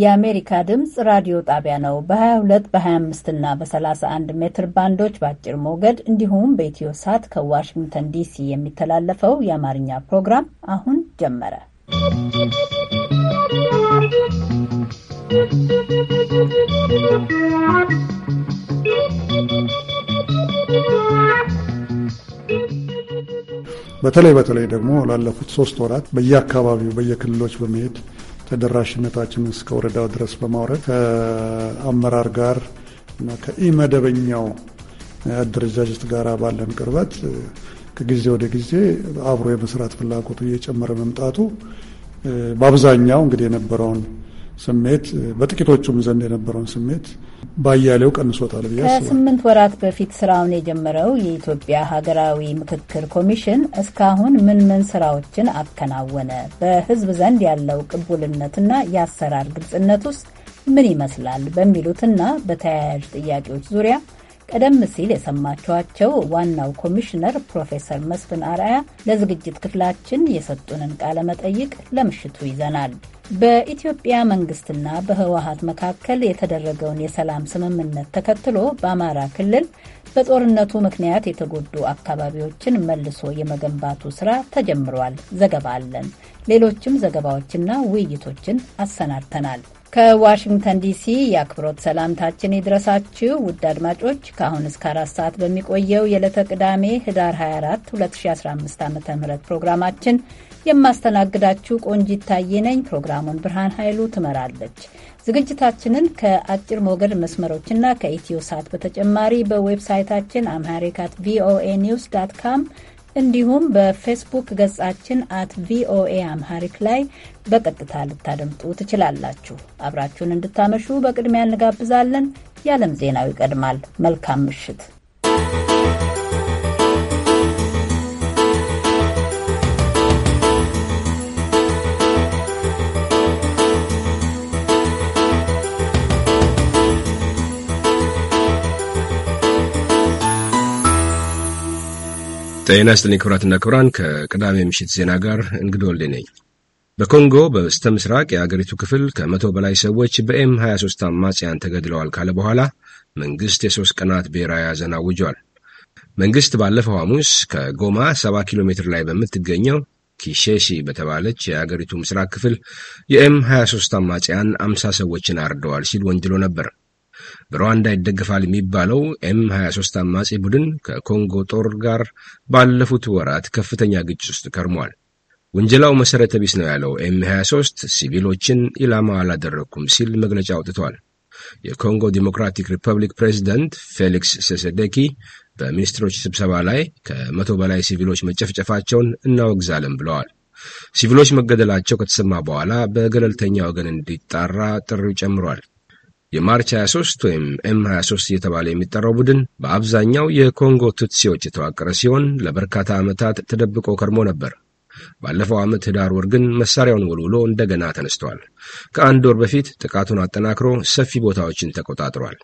የአሜሪካ ድምፅ ራዲዮ ጣቢያ ነው። በ22 በ25 እና በ31 ሜትር ባንዶች በአጭር ሞገድ እንዲሁም በኢትዮ ሳት ከዋሽንግተን ዲሲ የሚተላለፈው የአማርኛ ፕሮግራም አሁን ጀመረ። በተለይ በተለይ ደግሞ ላለፉት ሶስት ወራት በየአካባቢው በየክልሎች በመሄድ ተደራሽነታችን እስከ ወረዳው ድረስ በማውረድ ከአመራር ጋር እና ከኢመደበኛው አደረጃጀት ጋር ባለን ቅርበት ከጊዜ ወደ ጊዜ አብሮ የመስራት ፍላጎቱ እየጨመረ መምጣቱ በአብዛኛው እንግዲህ የነበረውን ስሜት በጥቂቶቹም ዘንድ የነበረውን ስሜት ባያሌው ቀንሶታል ብዬ አስባለሁ። ከስምንት ወራት በፊት ስራውን የጀመረው የኢትዮጵያ ሀገራዊ ምክክር ኮሚሽን እስካሁን ምን ምን ስራዎችን አከናወነ? በህዝብ ዘንድ ያለው ቅቡልነትና የአሰራር ግልጽነት ውስጥ ምን ይመስላል? በሚሉትና በተያያዥ ጥያቄዎች ዙሪያ ቀደም ሲል የሰማችኋቸው ዋናው ኮሚሽነር ፕሮፌሰር መስፍን አርአያ ለዝግጅት ክፍላችን የሰጡንን ቃለ መጠይቅ ለምሽቱ ይዘናል። በኢትዮጵያ መንግስትና በህወሀት መካከል የተደረገውን የሰላም ስምምነት ተከትሎ በአማራ ክልል በጦርነቱ ምክንያት የተጎዱ አካባቢዎችን መልሶ የመገንባቱ ስራ ተጀምሯል። ዘገባ አለን። ሌሎችም ዘገባዎችና ውይይቶችን አሰናድተናል። ከዋሽንግተን ዲሲ የአክብሮት ሰላምታችን ይድረሳችሁ ውድ አድማጮች። ከአሁን እስከ አራት ሰዓት በሚቆየው የዕለተ ቅዳሜ ህዳር 24 2015 ዓ ም ፕሮግራማችን የማስተናግዳችሁ ቆንጂት ታዬ ነኝ። ፕሮግራሙን ብርሃን ኃይሉ ትመራለች። ዝግጅታችንን ከአጭር ሞገድ መስመሮችና ከኢትዮ ሳት በተጨማሪ በዌብሳይታችን አምሃሪካት ቪኦኤ ኒውስ ዳት ካም እንዲሁም በፌስቡክ ገጻችን አት ቪኦኤ አምሃሪክ ላይ በቀጥታ ልታደምጡ ትችላላችሁ። አብራችሁን እንድታመሹ በቅድሚያ እንጋብዛለን። የዓለም ዜናው ይቀድማል። መልካም ምሽት። ጤና ይስጥልኝ ክብራትና ክብራን ከቅዳሜ ምሽት ዜና ጋር እንግዶ ወልዴ ነኝ። በኮንጎ በስተ ምስራቅ የአገሪቱ ክፍል ከመቶ በላይ ሰዎች በኤም 23 አማጽያን ተገድለዋል ካለ በኋላ መንግስት የሶስት ቀናት ብሔራዊ ሐዘን አውጇል። ባለፈው ሐሙስ ከጎማ 70 ኪሎ ሜትር ላይ በምትገኘው ኪሼሺ በተባለች የአገሪቱ ምስራቅ ክፍል የኤም 23 አማጽያን 50 ሰዎችን አርደዋል ሲል ወንጅሎ ነበር። በሩዋንዳ ይደገፋል የሚባለው ኤም 23 አማጺ ቡድን ከኮንጎ ጦር ጋር ባለፉት ወራት ከፍተኛ ግጭት ውስጥ ከርሟል። ውንጀላው መሠረተ ቢስ ነው ያለው ኤም 23 ሲቪሎችን ኢላማ አላደረግኩም ሲል መግለጫ አውጥቷል። የኮንጎ ዲሞክራቲክ ሪፐብሊክ ፕሬዚደንት ፌሊክስ ሴሴዴኪ በሚኒስትሮች ስብሰባ ላይ ከመቶ በላይ ሲቪሎች መጨፍጨፋቸውን እናወግዛለን ብለዋል። ሲቪሎች መገደላቸው ከተሰማ በኋላ በገለልተኛ ወገን እንዲጣራ ጥሪው ጨምሯል። የማርች 23 ወይም ኤም 23 እየተባለ የሚጠራው ቡድን በአብዛኛው የኮንጎ ቱትሲዎች የተዋቀረ ሲሆን ለበርካታ ዓመታት ተደብቆ ከርሞ ነበር። ባለፈው ዓመት ህዳር ወር ግን መሳሪያውን ወልውሎ እንደገና ተነስተዋል። ከአንድ ወር በፊት ጥቃቱን አጠናክሮ ሰፊ ቦታዎችን ተቆጣጥሯል።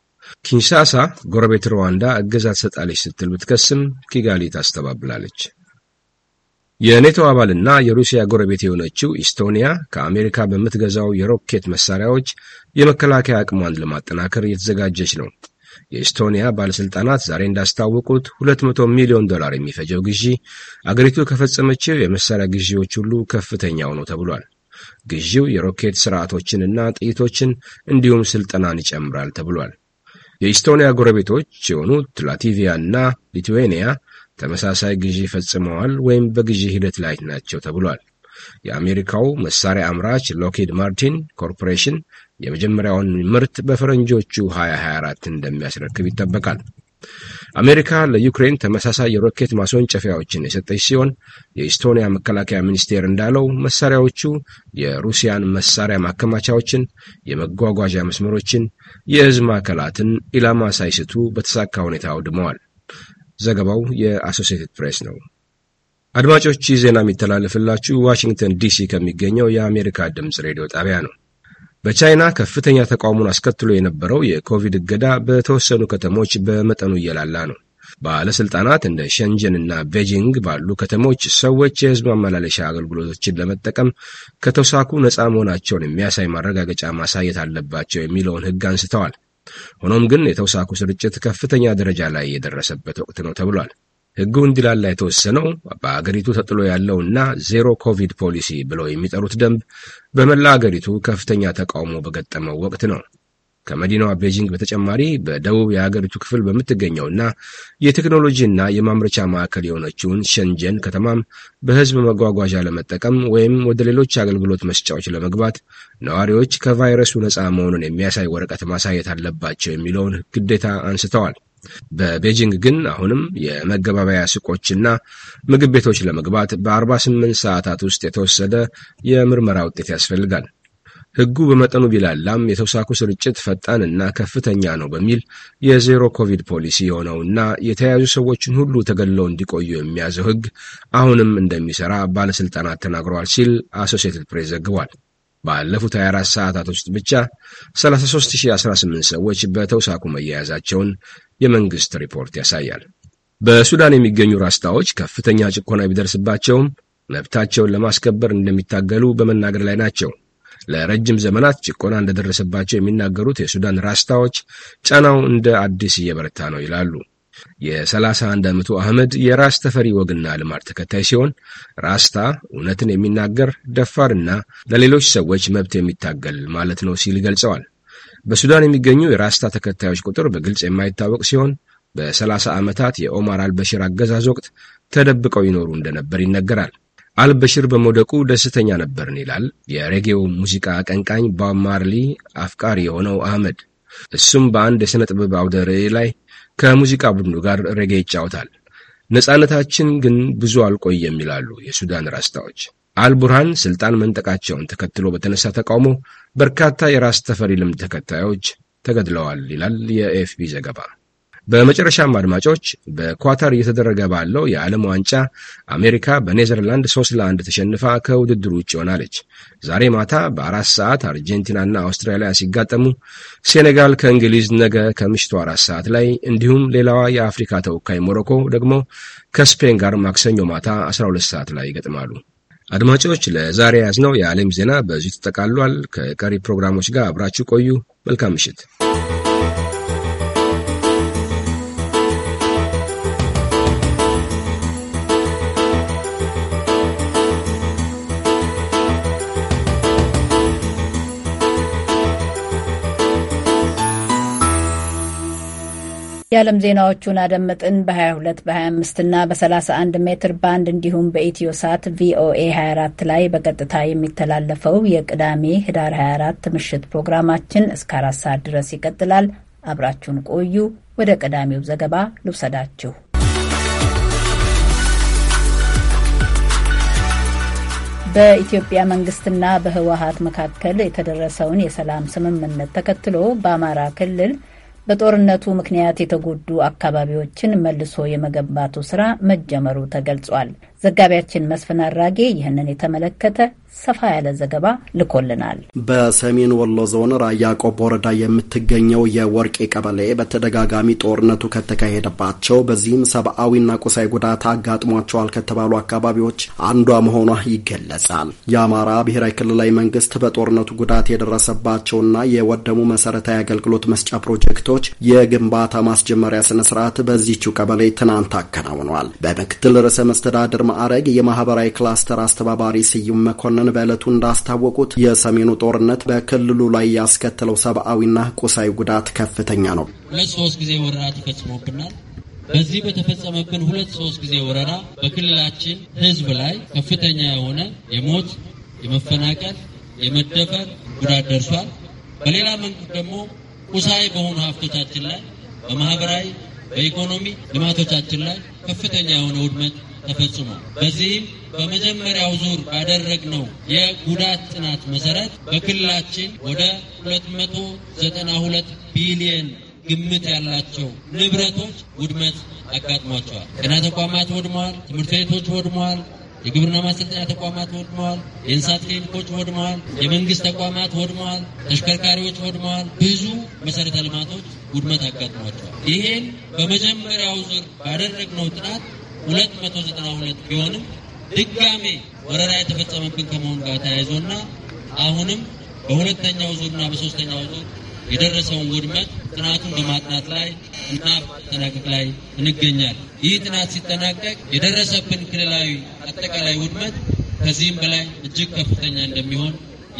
ኪንሻሳ ጎረቤት ሩዋንዳ እገዛ ትሰጣለች ስትል ብትከስም ኪጋሊ ታስተባብላለች። የኔቶ አባልና የሩሲያ ጎረቤት የሆነችው ኢስቶኒያ ከአሜሪካ በምትገዛው የሮኬት መሳሪያዎች የመከላከያ አቅሟን ለማጠናከር እየተዘጋጀች ነው። የኢስቶኒያ ባለሥልጣናት ዛሬ እንዳስታወቁት 200 ሚሊዮን ዶላር የሚፈጀው ግዢ አገሪቱ ከፈጸመችው የመሳሪያ ግዢዎች ሁሉ ከፍተኛው ነው ተብሏል። ግዢው የሮኬት ስርዓቶችንና ጥይቶችን እንዲሁም ስልጠናን ይጨምራል ተብሏል። የኢስቶኒያ ጎረቤቶች የሆኑት ላቲቪያ እና ሊትዌኒያ ተመሳሳይ ግዢ ፈጽመዋል ወይም በግዢ ሂደት ላይ ናቸው ተብሏል። የአሜሪካው መሳሪያ አምራች ሎኪድ ማርቲን ኮርፖሬሽን የመጀመሪያውን ምርት በፈረንጆቹ 2024 እንደሚያስረክብ ይጠበቃል። አሜሪካ ለዩክሬን ተመሳሳይ የሮኬት ማስወንጨፊያዎችን የሰጠች ሲሆን የኢስቶኒያ መከላከያ ሚኒስቴር እንዳለው መሳሪያዎቹ የሩሲያን መሳሪያ ማከማቻዎችን፣ የመጓጓዣ መስመሮችን፣ የሕዝብ ማዕከላትን ኢላማ ሳይስቱ በተሳካ ሁኔታ አውድመዋል። ዘገባው የአሶሲየትድ ፕሬስ ነው። አድማጮች ይህ ዜና የሚተላለፍላችሁ ዋሽንግተን ዲሲ ከሚገኘው የአሜሪካ ድምፅ ሬዲዮ ጣቢያ ነው። በቻይና ከፍተኛ ተቃውሞን አስከትሎ የነበረው የኮቪድ እገዳ በተወሰኑ ከተሞች በመጠኑ እየላላ ነው። ባለሥልጣናት እንደ ሸንጀን እና ቤጂንግ ባሉ ከተሞች ሰዎች የሕዝብ ማመላለሻ አገልግሎቶችን ለመጠቀም ከተውሳኩ ነፃ መሆናቸውን የሚያሳይ ማረጋገጫ ማሳየት አለባቸው የሚለውን ሕግ አንስተዋል። ሆኖም ግን የተውሳኩ ስርጭት ከፍተኛ ደረጃ ላይ የደረሰበት ወቅት ነው ተብሏል። ሕጉ እንዲላላ የተወሰነው በአገሪቱ ተጥሎ ያለውና ዜሮ ኮቪድ ፖሊሲ ብለው የሚጠሩት ደንብ በመላ አገሪቱ ከፍተኛ ተቃውሞ በገጠመው ወቅት ነው። ከመዲናዋ ቤጂንግ በተጨማሪ በደቡብ የሀገሪቱ ክፍል በምትገኘውና የቴክኖሎጂና የማምረቻ ማዕከል የሆነችውን ሸንጀን ከተማም በህዝብ መጓጓዣ ለመጠቀም ወይም ወደ ሌሎች አገልግሎት መስጫዎች ለመግባት ነዋሪዎች ከቫይረሱ ነፃ መሆኑን የሚያሳይ ወረቀት ማሳየት አለባቸው የሚለውን ግዴታ አንስተዋል። በቤጂንግ ግን አሁንም የመገባበያ ሱቆችና ምግብ ቤቶች ለመግባት በ48 ሰዓታት ውስጥ የተወሰደ የምርመራ ውጤት ያስፈልጋል። ሕጉ በመጠኑ ቢላላም የተውሳኩ ስርጭት ፈጣን እና ከፍተኛ ነው በሚል የዜሮ ኮቪድ ፖሊሲ የሆነውና የተያዙ ሰዎችን ሁሉ ተገልለው እንዲቆዩ የሚያዘው ሕግ አሁንም እንደሚሰራ ባለሥልጣናት ተናግረዋል ሲል አሶሲየትድ ፕሬስ ዘግቧል። ባለፉት 24 ሰዓታት ውስጥ ብቻ 33018 ሰዎች በተውሳኩ መያያዛቸውን የመንግሥት ሪፖርት ያሳያል። በሱዳን የሚገኙ ራስታዎች ከፍተኛ ጭቆና ቢደርስባቸውም መብታቸውን ለማስከበር እንደሚታገሉ በመናገር ላይ ናቸው። ለረጅም ዘመናት ጭቆና እንደደረሰባቸው የሚናገሩት የሱዳን ራስታዎች ጫናው እንደ አዲስ እየበረታ ነው ይላሉ። የ31 ዓመቱ አህመድ የራስ ተፈሪ ወግና ልማድ ተከታይ ሲሆን ራስታ እውነትን የሚናገር ደፋርና ለሌሎች ሰዎች መብት የሚታገል ማለት ነው ሲል ገልጸዋል። በሱዳን የሚገኙ የራስታ ተከታዮች ቁጥር በግልጽ የማይታወቅ ሲሆን በ30 ዓመታት የኦማር አልበሽር አገዛዝ ወቅት ተደብቀው ይኖሩ እንደነበር ይነገራል። አልበሽር በመውደቁ ደስተኛ ነበርን ይላል የሬጌው ሙዚቃ አቀንቃኝ ቦብ ማርሊ አፍቃሪ የሆነው አህመድ። እሱም በአንድ የሥነ ጥበብ አውደ ርዕይ ላይ ከሙዚቃ ቡድኑ ጋር ሬጌ ይጫወታል። ነጻነታችን ግን ብዙ አልቆየም ይላሉ የሱዳን ራስታዎች። አልቡርሃን ሥልጣን መንጠቃቸውን ተከትሎ በተነሳ ተቃውሞ በርካታ የራስ ተፈሪ ልምድ ተከታዮች ተገድለዋል ይላል የኤፍቢ ዘገባ። በመጨረሻም አድማጮች በኳታር እየተደረገ ባለው የዓለም ዋንጫ አሜሪካ በኔዘርላንድ ሶስት ለአንድ ተሸንፋ ከውድድሩ ውጭ ሆናለች። ዛሬ ማታ በአራት ሰዓት አርጀንቲናና አውስትራሊያ ሲጋጠሙ፣ ሴኔጋል ከእንግሊዝ ነገ ከምሽቱ አራት ሰዓት ላይ እንዲሁም ሌላዋ የአፍሪካ ተወካይ ሞሮኮ ደግሞ ከስፔን ጋር ማክሰኞ ማታ 12 ሰዓት ላይ ይገጥማሉ። አድማጮች ለዛሬ ያዝነው የዓለም ዜና በዚሁ ተጠቃሏል። ከቀሪ ፕሮግራሞች ጋር አብራችሁ ቆዩ። መልካም ምሽት። የዓለም ዜናዎቹን አደመጥን። በ22 በ25 እና በ31 ሜትር ባንድ እንዲሁም በኢትዮ ሳት ቪኦኤ 24 ላይ በቀጥታ የሚተላለፈው የቅዳሜ ህዳር 24 ምሽት ፕሮግራማችን እስከ 4 ሰዓት ድረስ ይቀጥላል። አብራችሁን ቆዩ። ወደ ቀዳሚው ዘገባ ልውሰዳችሁ። በኢትዮጵያ መንግስትና በህወሀት መካከል የተደረሰውን የሰላም ስምምነት ተከትሎ በአማራ ክልል በጦርነቱ ምክንያት የተጎዱ አካባቢዎችን መልሶ የመገንባቱ ስራ መጀመሩ ተገልጿል። ዘጋቢያችን መስፍን አራጌ ይህንን የተመለከተ ሰፋ ያለ ዘገባ ልኮልናል። በሰሜን ወሎ ዞን ራያ ቆቦ ወረዳ የምትገኘው የወርቄ ቀበሌ በተደጋጋሚ ጦርነቱ ከተካሄደባቸው በዚህም ሰብአዊና ቁሳዊ ጉዳት አጋጥሟቸዋል ከተባሉ አካባቢዎች አንዷ መሆኗ ይገለጻል። የአማራ ብሔራዊ ክልላዊ መንግስት በጦርነቱ ጉዳት የደረሰባቸውና የወደሙ መሰረታዊ አገልግሎት መስጫ ፕሮጀክቶች የግንባታ ማስጀመሪያ ስነስርዓት በዚችው ቀበሌ ትናንት አከናውኗል። በምክትል ርዕሰ መስተዳድር ማዕረግ የማህበራዊ ክላስተር አስተባባሪ ስዩም መኮንን በዕለቱ እንዳስታወቁት የሰሜኑ ጦርነት በክልሉ ላይ ያስከተለው ሰብአዊና ቁሳዊ ጉዳት ከፍተኛ ነው። ሁለት ሶስት ጊዜ ወረራ ተፈጽሞብናል። በዚህ በተፈጸመብን ሁለት ሶስት ጊዜ ወረራ በክልላችን ህዝብ ላይ ከፍተኛ የሆነ የሞት፣ የመፈናቀል፣ የመደፈር ጉዳት ደርሷል። በሌላ መንገድ ደግሞ ቁሳዊ በሆኑ ሀብቶቻችን ላይ በማህበራዊ በኢኮኖሚ ልማቶቻችን ላይ ከፍተኛ የሆነ ውድመት ተፈጽሟል። በዚህም በመጀመሪያው ዙር ባደረግነው የጉዳት ጥናት መሰረት በክልላችን ወደ 292 ቢሊየን ግምት ያላቸው ንብረቶች ውድመት አጋጥሟቸዋል። ጤና ተቋማት ወድመዋል። ትምህርት ቤቶች ወድመዋል። የግብርና ማሰልጠኛ ተቋማት ወድመዋል። የእንስሳት ክሊኒኮች ወድመዋል። የመንግስት ተቋማት ወድመዋል። ተሽከርካሪዎች ወድመዋል። ብዙ መሰረተ ልማቶች ውድመት አጋጥሟቸዋል። ይህን በመጀመሪያው ዙር ባደረግነው ጥናት ሁለት መቶ ዘጠና ሁለት ቢሆንም ድጋሜ ወረራ የተፈጸመብን ከመሆኑ ጋር ተያይዞና አሁንም በሁለተኛው ዙርና በሶስተኛው ዙር የደረሰውን ውድመት ጥናቱን በማጥናት ላይ እና በማጠናቀቅ ላይ እንገኛለን። ይህ ጥናት ሲጠናቀቅ የደረሰብን ክልላዊ አጠቃላይ ውድመት ከዚህም በላይ እጅግ ከፍተኛ እንደሚሆን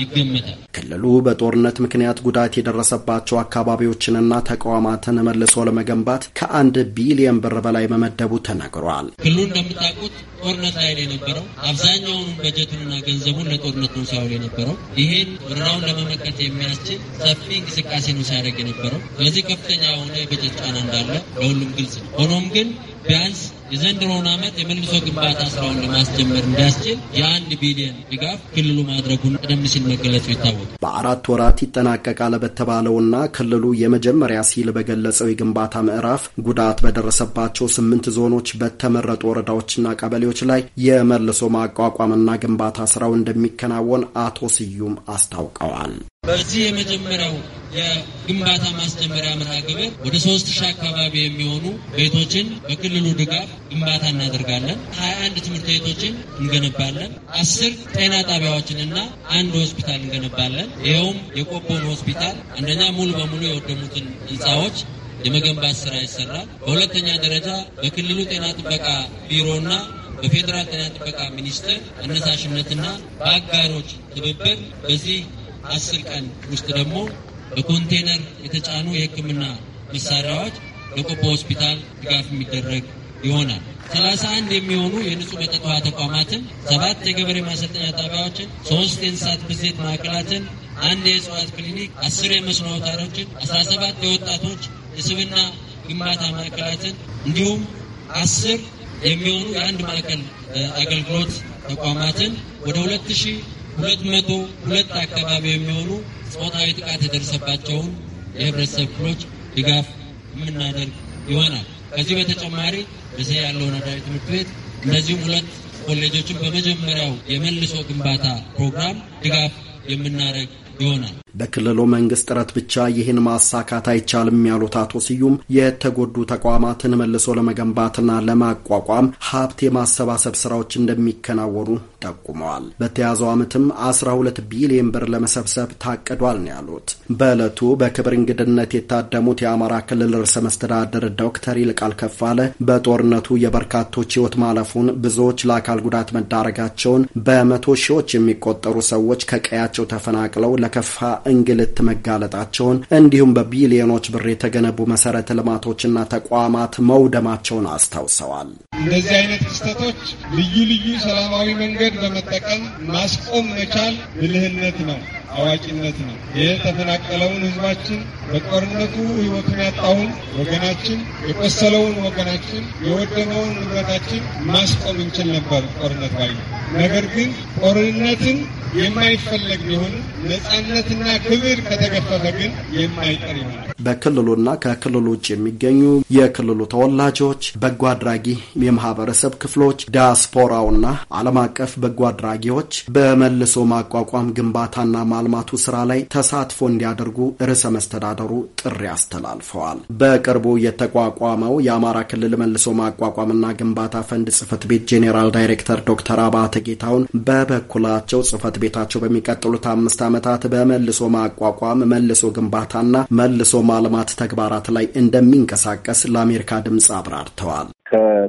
ይገመታል። ክልሉ በጦርነት ምክንያት ጉዳት የደረሰባቸው አካባቢዎችንና ተቋማትን መልሶ ለመገንባት ከአንድ ቢሊየን ብር በላይ መመደቡ ተነግሯል። ክልሉ እንደምታውቁት ጦርነት ላይ የነበረው። አብዛኛውን በጀቱንና ገንዘቡን ለጦርነት ነው ሲያውል የነበረው። ይህን ወረራውን ለመመከት የሚያስችል ሰፊ እንቅስቃሴ ነው ሲያደርግ የነበረው። በዚህ ከፍተኛ የሆነ የበጀት ጫና እንዳለ ለሁሉም ግልጽ ነው። ሆኖም ግን ቢያንስ የዘንድሮውን ዓመት የመልሶ ግንባታ ስራውን ለማስጀመር እንዲያስችል የአንድ ቢሊዮን ድጋፍ ክልሉ ማድረጉን ቀደም ሲል መገለጹ ይታወቃል። በአራት ወራት ይጠናቀቃል በተባለውና ክልሉ የመጀመሪያ ሲል በገለጸው የግንባታ ምዕራፍ ጉዳት በደረሰባቸው ስምንት ዞኖች በተመረጡ ወረዳዎችና ቀበሌዎች ላይ የመልሶ ማቋቋምና ግንባታ ስራው እንደሚከናወን አቶ ስዩም አስታውቀዋል። በዚህ የመጀመሪያው የግንባታ ማስጀመሪያ መርሃ ግብር ወደ ሶስት ሺህ አካባቢ የሚሆኑ ቤቶችን በክልሉ ድጋፍ ግንባታ እናደርጋለን። ሀያ አንድ ትምህርት ቤቶችን እንገነባለን። አስር ጤና ጣቢያዎችንና አንድ ሆስፒታል እንገነባለን። ይኸውም የቆቦን ሆስፒታል አንደኛ ሙሉ በሙሉ የወደሙትን ህንፃዎች የመገንባት ስራ ይሰራል። በሁለተኛ ደረጃ በክልሉ ጤና ጥበቃ ቢሮና በፌዴራል ጤና ጥበቃ ሚኒስቴር አነሳሽነትና በአጋሮች ትብብር በዚህ አስር ቀን ውስጥ ደግሞ በኮንቴነር የተጫኑ የሕክምና መሳሪያዎች በቆቦ ሆስፒታል ድጋፍ የሚደረግ ይሆናል። 31 የሚሆኑ የንጹህ መጠጥ ውሃ ተቋማትን፣ ሰባት የገበሬ ማሰልጠኛ ጣቢያዎችን፣ ሶስት የእንስሳት ብዜት ማዕከላትን፣ አንድ የእጽዋት ክሊኒክ፣ አስር የመስኖ አውታሮችን፣ 17 የወጣቶች የስብና ግንባታ ማዕከላትን እንዲሁም አስር የሚሆኑ የአንድ ማዕከል አገልግሎት ተቋማትን ወደ 2 ሁለት መቶ ሁለት አካባቢ የሚሆኑ ጾታዊ ጥቃት የደረሰባቸውን የህብረተሰብ ክፍሎች ድጋፍ የምናደርግ ይሆናል። ከዚህ በተጨማሪ በዚህ ያለው አዳሪ ትምህርት ቤት እንደዚሁም ሁለት ኮሌጆችን በመጀመሪያው የመልሶ ግንባታ ፕሮግራም ድጋፍ የምናደርግ ይሆናል። በክልሉ መንግስት ጥረት ብቻ ይህን ማሳካት አይቻልም ያሉት አቶ ስዩም የተጎዱ ተቋማትን መልሶ ለመገንባትና ለማቋቋም ሀብት የማሰባሰብ ስራዎች እንደሚከናወኑ ጠቁመዋል። በተያዘው ዓመትም 12 ቢሊዮን ብር ለመሰብሰብ ታቅዷል ነው ያሉት። በዕለቱ በክብር እንግድነት የታደሙት የአማራ ክልል ርዕሰ መስተዳደር ዶክተር ይልቃል ከፋለ በጦርነቱ የበርካቶች ህይወት ማለፉን፣ ብዙዎች ለአካል ጉዳት መዳረጋቸውን፣ በመቶ ሺዎች የሚቆጠሩ ሰዎች ከቀያቸው ተፈናቅለው ለከፋ እንግልት መጋለጣቸውን እንዲሁም በቢሊዮኖች ብር የተገነቡ መሰረተ ልማቶችና ተቋማት መውደማቸውን አስታውሰዋል። እንደዚህ አይነት ክስተቶች ልዩ ልዩ ሰላማዊ መንገድ መንገድ በመጠቀም ማስቆም መቻል ብልህነት ነው፣ አዋቂነት ነው። የተፈናቀለውን ህዝባችን በጦርነቱ ሕይወቱን ያጣውን ወገናችን፣ የቆሰለውን ወገናችን፣ የወደመውን ንብረታችን ማስቆም እንችል ነበር ጦርነት ባይ ነገር ግን ጦርነትን የማይፈለግ ቢሆንም ነጻነትና ክብር ከተገፈፈ ግን የማይቀር ይሆናል። በክልሉና ከክልሉ ውጭ የሚገኙ የክልሉ ተወላጆች፣ በጎ አድራጊ የማህበረሰብ ክፍሎች፣ ዲያስፖራውና ዓለም አቀፍ በጎ አድራጊዎች በመልሶ ማቋቋም ግንባታና ማልማቱ ስራ ላይ ተሳትፎ እንዲያደርጉ ርዕሰ መስተዳደሩ ጥሪ አስተላልፈዋል። በቅርቡ የተቋቋመው የአማራ ክልል መልሶ ማቋቋምና ግንባታ ፈንድ ጽህፈት ቤት ጄኔራል ዳይሬክተር ዶክተር አባተ ጌታሁን በበኩላቸው ጽህፈት ቤታቸው በሚቀጥሉት አምስት ዓመታት በመልሶ ማቋቋም፣ መልሶ ግንባታና መልሶ ማልማት ተግባራት ላይ እንደሚንቀሳቀስ ለአሜሪካ ድምፅ አብራርተዋል።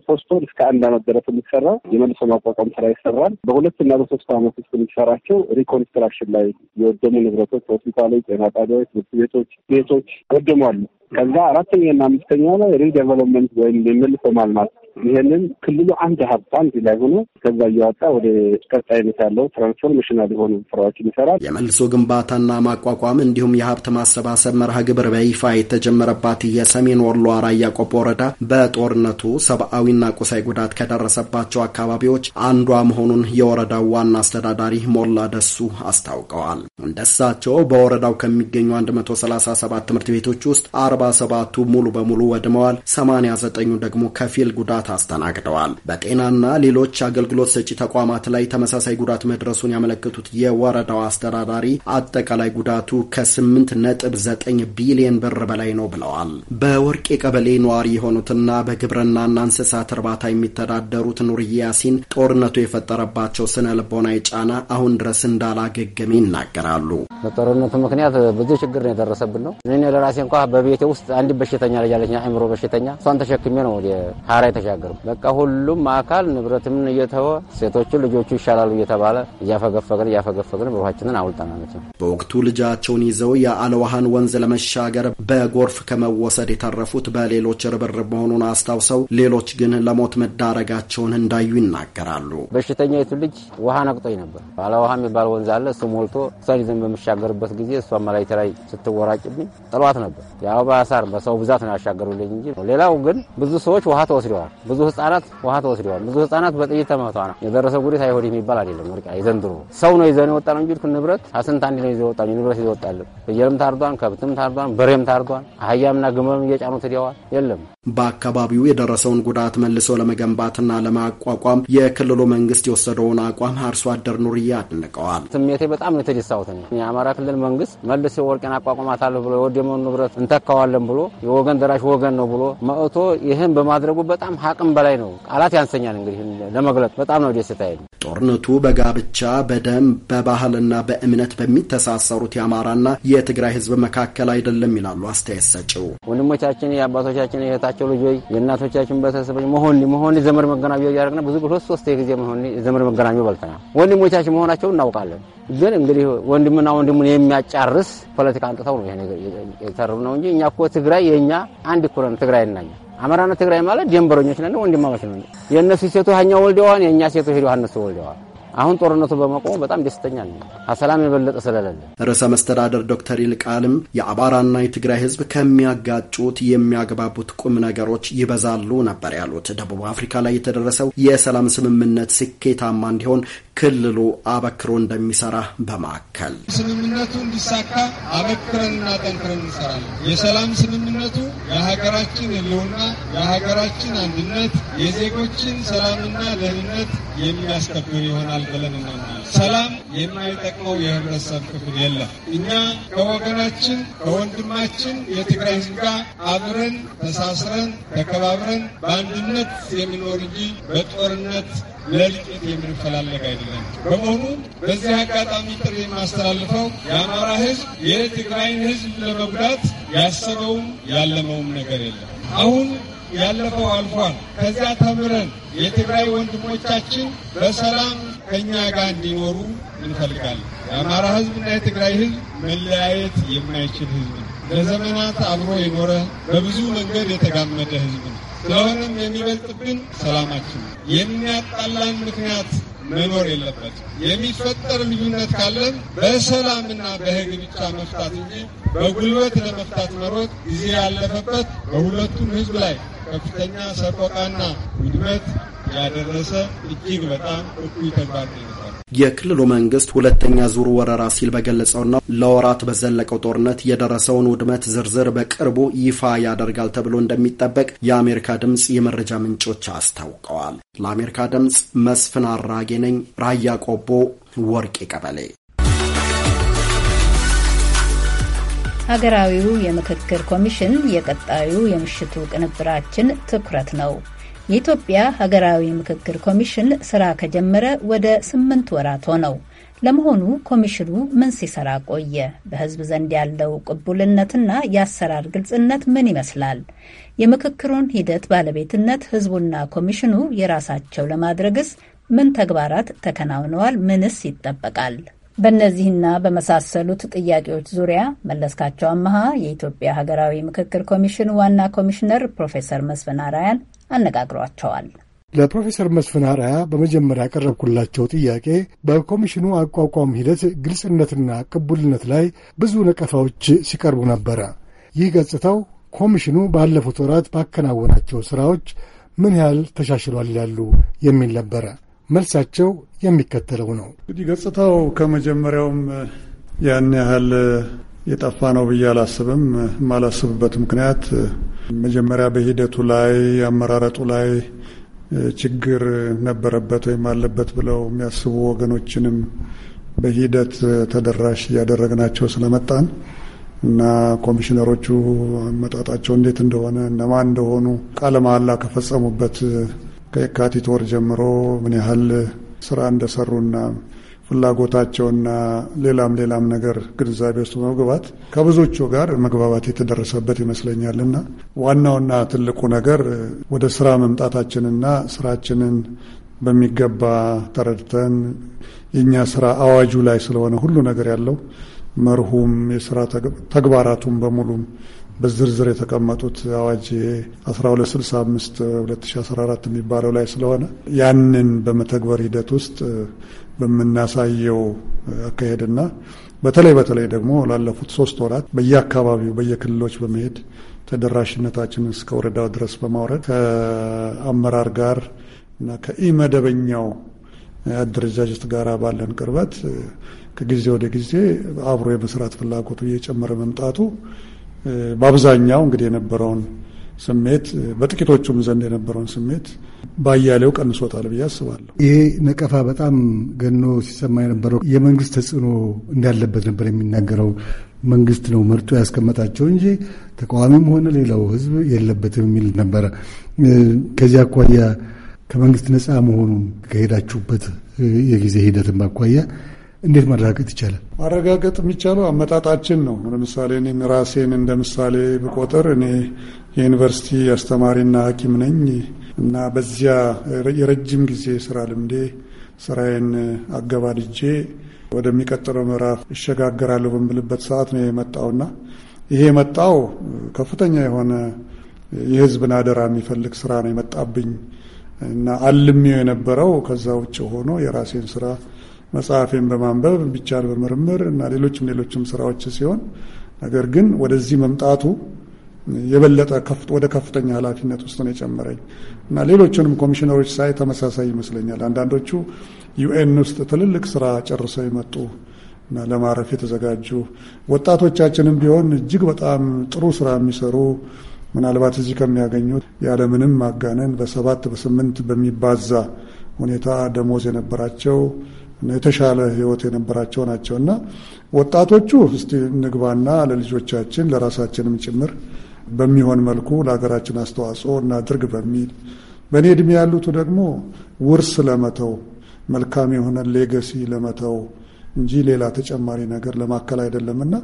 ከሶስት ወር እስከ አንድ አመት ድረስ የሚሰራ የመልሶ ማቋቋም ስራ ይሰራል። በሁለትና በሶስት አመት ውስጥ የሚሰራቸው ሪኮንስትራክሽን ላይ የወደሙ ንብረቶች፣ ሆስፒታሎች፣ ጤና ጣቢያዎች፣ ትምህርት ቤቶች፣ ቤቶች ወድሟሉ። ከዛ አራተኛና አምስተኛ ላይ ሪዴቨሎፕመንት ወይም የመልሶ ማልማት ይህንን ክልሉ አንድ ሀብት አንድ ላይ ሆኖ ከዛ እያወጣ ወደ ቀጣይነት ያለው ትራንስፎርሜሽናል የሆኑ ስራዎችን ይሰራል። የመልሶ ግንባታና ማቋቋም እንዲሁም የሀብት ማሰባሰብ መርሃ ግብር በይፋ የተጀመረባት የሰሜን ወሎ ራያ ቆቦ ወረዳ በጦርነቱ ሰብአዊ ኢኮኖሚና ቁሳዊ ጉዳት ከደረሰባቸው አካባቢዎች አንዷ መሆኑን የወረዳው ዋና አስተዳዳሪ ሞላ ደሱ አስታውቀዋል። እንደሳቸው በወረዳው ከሚገኙ 137 ትምህርት ቤቶች ውስጥ 47ቱ ሙሉ በሙሉ ወድመዋል፣ 89ኙ ደግሞ ከፊል ጉዳት አስተናግደዋል። በጤናና ሌሎች አገልግሎት ሰጪ ተቋማት ላይ ተመሳሳይ ጉዳት መድረሱን ያመለከቱት የወረዳው አስተዳዳሪ አጠቃላይ ጉዳቱ ከ8.9 ቢሊየን ብር በላይ ነው ብለዋል። በወርቄ ቀበሌ ነዋሪ የሆኑትና በግብርናና እንስሳ በእንስሳት እርባታ የሚተዳደሩት ኑርዬ ያሲን ጦርነቱ የፈጠረባቸው ስነ ልቦናዊ ጫና አሁን ድረስ እንዳላገገመ ይናገራሉ። በጦርነቱ ምክንያት ብዙ ችግር ነው የደረሰብን ነው። እኔ ለራሴ እንኳ በቤቴ ውስጥ አንድ በሽተኛ ልጅ አለች፣ አእምሮ በሽተኛ። እሷን ተሸክሜ ነው ሀራ የተሻገሩ። በቃ ሁሉም አካል ንብረትም እየተወ ሴቶቹ ልጆቹ ይሻላሉ እየተባለ እያፈገፈግን እያፈገፈግን ብሩሃችንን አውልጠናለች። በወቅቱ ልጃቸውን ይዘው የአለዋሃን ወንዝ ለመሻገር በጎርፍ ከመወሰድ የተረፉት በሌሎች ርብርብ መሆኑን አስታውሰው ሌሎች ግን ለሞት መዳረጋቸውን እንዳዩ ይናገራሉ። በሽተኛ የቱ ልጅ ውሃ ነቅጦኝ ነበር። ባለ ውሃ የሚባል ወንዝ አለ። እሱ ሞልቶ እሷን ይዘን በምሻገርበት ጊዜ እሷ መላይት ላይ ስትወራጭብኝ ጥሏት ነበር። ያው በአሳር በሰው ብዛት ነው ያሻገሩልኝ እንጂ ሌላው ግን ብዙ ሰዎች ውሃ ተወስደዋል። ብዙ ህጻናት ውሃ ተወስደዋል። ብዙ ህጻናት በጥይት ተመቷል። የደረሰው ጉዳት አይሆድ የሚባል አይደለም። ወርቅ የዘንድሮ ሰው ነው ይዘን የወጣ ነው እንጂ ንብረት አስንት አንድ ነው ይዘ ወጣ ንብረት ወጣለን። ፍየልም ታርዷን፣ ከብትም ታርዷን፣ በሬም ታርዷን፣ አህያምና ግመም እየጫኑት ሄደዋል። የለም በአካባቢው የደረሰውን ጉዳት መልሶ ለመገንባትና ለማቋቋም የክልሉ መንግስት የወሰደውን አቋም አርሶ አደር ኑርያ አድንቀዋል። ስሜቴ በጣም ነው የተደሳሁት። የአማራ ክልል መንግስት መልሶ ወርቄን አቋቁማታለሁ ብሎ የወደመውን ንብረት እንተካዋለን ብሎ የወገን ደራሽ ወገን ነው ብሎ መእቶ ይህን በማድረጉ በጣም አቅም በላይ ነው። ቃላት ያንሰኛል እንግዲህ ለመግለጽ በጣም ነው ደስታ። ጦርነቱ በጋብቻ በደም በባህልና በእምነት በሚተሳሰሩት የአማራና የትግራይ ህዝብ መካከል አይደለም ይላሉ አስተያየት ሰጭው። ወንድሞቻችን የአባቶቻችን የሌላቸው ልጆች የእናቶቻችን ቤተሰቦች መሆን መሆን ዘመድ መገናኛው እያደረግን ብዙ ጊዜ ሶስት ጊዜ መሆን ዘመድ መገናኛው በልተናል። ወንድሞቻችን መሆናቸው እናውቃለን። ግን እንግዲህ ወንድምና ወንድሙን የሚያጫርስ ፖለቲካ አንጥተው ነው ይሄ ነገር የተረብ ነው እንጂ እኛ እኮ ትግራይ የእኛ አንድ እኮ ነን። ትግራይ እናኛ አማራና ትግራይ ማለት ደንበረኞች ነን፣ ወንድማማች ነን። የእነሱ ሴቶ ሀኛ ወልደዋን፣ የእኛ ሴቶ ሄዶ እነሱ ወልደዋል። አሁን ጦርነቱ በመቆሙ በጣም ደስተኛ ነኝ። አሰላም የበለጠ ስለሌለ ርዕሰ መስተዳደር ዶክተር ይልቃልም የአማራና የትግራይ ህዝብ ከሚያጋጩት የሚያግባቡት ቁም ነገሮች ይበዛሉ ነበር ያሉት። ደቡብ አፍሪካ ላይ የተደረሰው የሰላም ስምምነት ስኬታማ እንዲሆን ክልሉ አበክሮ እንደሚሰራ በማከል ስምምነቱ እንዲሳካ አበክረንና ጠንክረን እንሰራለን። የሰላም ስምምነቱ የሀገራችን ህልውና፣ የሀገራችን አንድነት፣ የዜጎችን ሰላምና ደህንነት የሚያስከብር ይሆናል ይጠቅመናል ብለን እናምናል። ሰላም የማይጠቅመው የህብረተሰብ ክፍል የለም። እኛ ከወገናችን ከወንድማችን የትግራይ ህዝብ ጋር አብረን ተሳስረን ተከባብረን በአንድነት የሚኖር እንጂ በጦርነት ለልቂት የምንፈላለግ አይደለም። በመሆኑ በዚህ አጋጣሚ ጥሪ የማስተላልፈው የአማራ ህዝብ የትግራይን ህዝብ ለመጉዳት ያሰበውም ያለመውም ነገር የለም። አሁን ያለፈው አልፏል። ከዚያ ተምረን የትግራይ ወንድሞቻችን በሰላም ከእኛ ጋር እንዲኖሩ እንፈልጋለን። የአማራ ህዝብና የትግራይ ህዝብ መለያየት የማይችል ህዝብ ነው። ለዘመናት አብሮ የኖረ በብዙ መንገድ የተጋመደ ህዝብ ነው። ስለሆነም የሚበልጥብን ሰላማችን ነው። የሚያጣላን ምክንያት መኖር የለበትም። የሚፈጠር ልዩነት ካለን በሰላምና በህግ ብቻ መፍታት እንጂ በጉልበት ለመፍታት መሮጥ ጊዜ ያለፈበት በሁለቱም ህዝብ ላይ ከፍተኛ ሰቆቃና ውድመት ያደረሰ እጅግ በጣም እኩይ ተግባር የክልሉ መንግስት ሁለተኛ ዙር ወረራ ሲል በገለጸውና ለወራት በዘለቀው ጦርነት የደረሰውን ውድመት ዝርዝር በቅርቡ ይፋ ያደርጋል ተብሎ እንደሚጠበቅ የአሜሪካ ድምፅ የመረጃ ምንጮች አስታውቀዋል። ለአሜሪካ ድምፅ መስፍን አራጌ ነኝ። ራያ ቆቦ ወርቄ ቀበሌ ሀገራዊው የምክክር ኮሚሽን የቀጣዩ የምሽቱ ቅንብራችን ትኩረት ነው። የኢትዮጵያ ሀገራዊ ምክክር ኮሚሽን ስራ ከጀመረ ወደ ስምንት ወራት ሆነው። ለመሆኑ ኮሚሽኑ ምን ሲሰራ ቆየ? በህዝብ ዘንድ ያለው ቅቡልነትና የአሰራር ግልጽነት ምን ይመስላል? የምክክሩን ሂደት ባለቤትነት ህዝቡና ኮሚሽኑ የራሳቸው ለማድረግስ ምን ተግባራት ተከናውነዋል? ምንስ ይጠበቃል? በእነዚህና በመሳሰሉት ጥያቄዎች ዙሪያ መለስካቸው አመሃ የኢትዮጵያ ሀገራዊ ምክክር ኮሚሽን ዋና ኮሚሽነር ፕሮፌሰር መስፍን አራያን አነጋግሯቸዋል። ለፕሮፌሰር መስፍን አርአያ በመጀመሪያ ያቀረብኩላቸው ጥያቄ በኮሚሽኑ አቋቋም ሂደት ግልጽነትና ቅቡልነት ላይ ብዙ ነቀፋዎች ሲቀርቡ ነበረ። ይህ ገጽታው ኮሚሽኑ ባለፉት ወራት ባከናወናቸው ሥራዎች ምን ያህል ተሻሽሏል ይላሉ የሚል ነበረ። መልሳቸው የሚከተለው ነው። እንግዲህ ገጽታው ከመጀመሪያውም ያን ያህል የጠፋ ነው ብዬ አላስብም። የማላስብበት ምክንያት መጀመሪያ በሂደቱ ላይ አመራረጡ ላይ ችግር ነበረበት ወይም አለበት ብለው የሚያስቡ ወገኖችንም በሂደት ተደራሽ እያደረግናቸው ስለመጣን እና ኮሚሽነሮቹ አመጣጣቸው እንዴት እንደሆነ እነማን እንደሆኑ ቃለ መሐላ ከፈጸሙበት ከየካቲት ወር ጀምሮ ምን ያህል ስራ እንደሰሩና ፍላጎታቸውና ሌላም ሌላም ነገር ግንዛቤ ውስጥ መግባት ከብዙዎቹ ጋር መግባባት የተደረሰበት ይመስለኛልና ዋናውና ትልቁ ነገር ወደ ስራ መምጣታችንና ስራችንን በሚገባ ተረድተን የእኛ ስራ አዋጁ ላይ ስለሆነ ሁሉ ነገር ያለው መርሁም የስራ ተግባራቱም በሙሉም በዝርዝር የተቀመጡት አዋጅ 1265 2014 የሚባለው ላይ ስለሆነ ያንን በመተግበር ሂደት ውስጥ በምናሳየው አካሄድና በተለይ በተለይ ደግሞ ላለፉት ሶስት ወራት በየአካባቢው በየክልሎች በመሄድ ተደራሽነታችንን እስከ ወረዳው ድረስ በማውረድ ከአመራር ጋር እና ከኢመደበኛው አደረጃጀት ጋር ባለን ቅርበት ከጊዜ ወደ ጊዜ አብሮ የመስራት ፍላጎቱ እየጨመረ መምጣቱ በአብዛኛው እንግዲህ የነበረውን ስሜት በጥቂቶቹም ዘንድ የነበረውን ስሜት ባያሌው ቀንሶታል ብዬ አስባለሁ። ይሄ ነቀፋ በጣም ገኖ ሲሰማ የነበረው የመንግስት ተጽዕኖ እንዳለበት ነበር የሚናገረው። መንግስት ነው መርጦ ያስቀመጣቸው እንጂ ተቃዋሚም ሆነ ሌላው ህዝብ የለበትም የሚል ነበረ። ከዚህ አኳያ ከመንግስት ነፃ መሆኑን ከሄዳችሁበት የጊዜ ሂደትም አኳያ እንዴት ማረጋገጥ ይቻላል? ማረጋገጥ የሚቻለው አመጣጣችን ነው። ለምሳሌ እኔም ራሴን እንደ ምሳሌ ብቆጥር እኔ የዩኒቨርሲቲ አስተማሪና ሐኪም ነኝ እና በዚያ የረጅም ጊዜ ስራ ልምዴ ስራዬን አገባድጄ ወደሚቀጥለው ምዕራፍ እሸጋገራለሁ በምልበት ሰዓት ነው የመጣውና ይሄ የመጣው ከፍተኛ የሆነ የህዝብን አደራ የሚፈልግ ስራ ነው የመጣብኝ እና አልሚው የነበረው ከዛ ውጭ ሆኖ የራሴን ስራ መጽሐፌን በማንበብ ቢቻል በምርምር እና ሌሎችም ሌሎችም ስራዎች ሲሆን ነገር ግን ወደዚህ መምጣቱ የበለጠ ወደ ከፍተኛ ኃላፊነት ውስጥ ነው የጨመረኝ እና ሌሎቹንም ኮሚሽነሮች ሳይ ተመሳሳይ ይመስለኛል። አንዳንዶቹ ዩኤን ውስጥ ትልልቅ ስራ ጨርሰው የመጡ እና ለማረፍ የተዘጋጁ ወጣቶቻችንም ቢሆን እጅግ በጣም ጥሩ ስራ የሚሰሩ ምናልባት እዚህ ከሚያገኙት ያለምንም ማጋነን በሰባት በስምንት በሚባዛ ሁኔታ ደሞዝ የነበራቸው የተሻለ ህይወት የነበራቸው ናቸው እና ወጣቶቹ እስቲ ንግባና ለልጆቻችን ለራሳችንም ጭምር በሚሆን መልኩ ለሀገራችን አስተዋጽኦ እናድርግ በሚል በእኔ እድሜ ያሉቱ ደግሞ ውርስ ለመተው መልካም የሆነ ሌገሲ ለመተው እንጂ ሌላ ተጨማሪ ነገር ለማከል አይደለም እና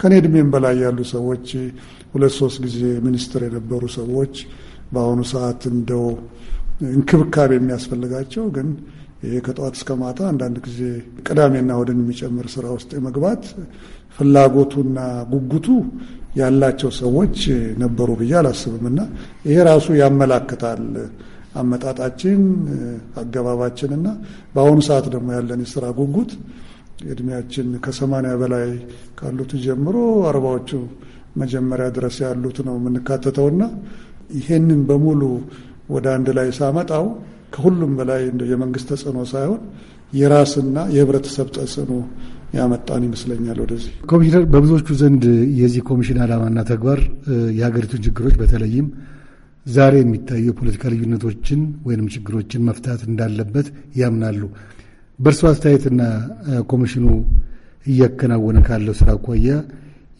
ከእኔ እድሜም በላይ ያሉ ሰዎች ሁለት ሶስት ጊዜ ሚኒስትር የነበሩ ሰዎች በአሁኑ ሰዓት እንደው እንክብካቤ የሚያስፈልጋቸው ግን ይሄ ከጠዋት እስከ ማታ አንዳንድ ጊዜ ቅዳሜና ወደን የሚጨምር ስራ ውስጥ የመግባት ፍላጎቱና ጉጉቱ ያላቸው ሰዎች ነበሩ ብዬ አላስብም እና ይሄ ራሱ ያመላክታል አመጣጣችን፣ አገባባችን እና በአሁኑ ሰዓት ደግሞ ያለን የስራ ጉጉት እድሜያችን ከሰማንያ በላይ ካሉት ጀምሮ አርባዎቹ መጀመሪያ ድረስ ያሉት ነው የምንካተተውና ይሄንን በሙሉ ወደ አንድ ላይ ሳመጣው ከሁሉም በላይ እንደ የመንግስት ተጽዕኖ ሳይሆን የራስና የህብረተሰብ ተጽዕኖ ያመጣን ይመስለኛል። ወደዚህ ኮሚሽነር፣ በብዙዎቹ ዘንድ የዚህ ኮሚሽን ዓላማና ተግባር የሀገሪቱን ችግሮች በተለይም ዛሬ የሚታዩ የፖለቲካ ልዩነቶችን ወይንም ችግሮችን መፍታት እንዳለበት ያምናሉ። በእርሶ አስተያየትና ኮሚሽኑ እያከናወነ ካለው ስራ አኳያ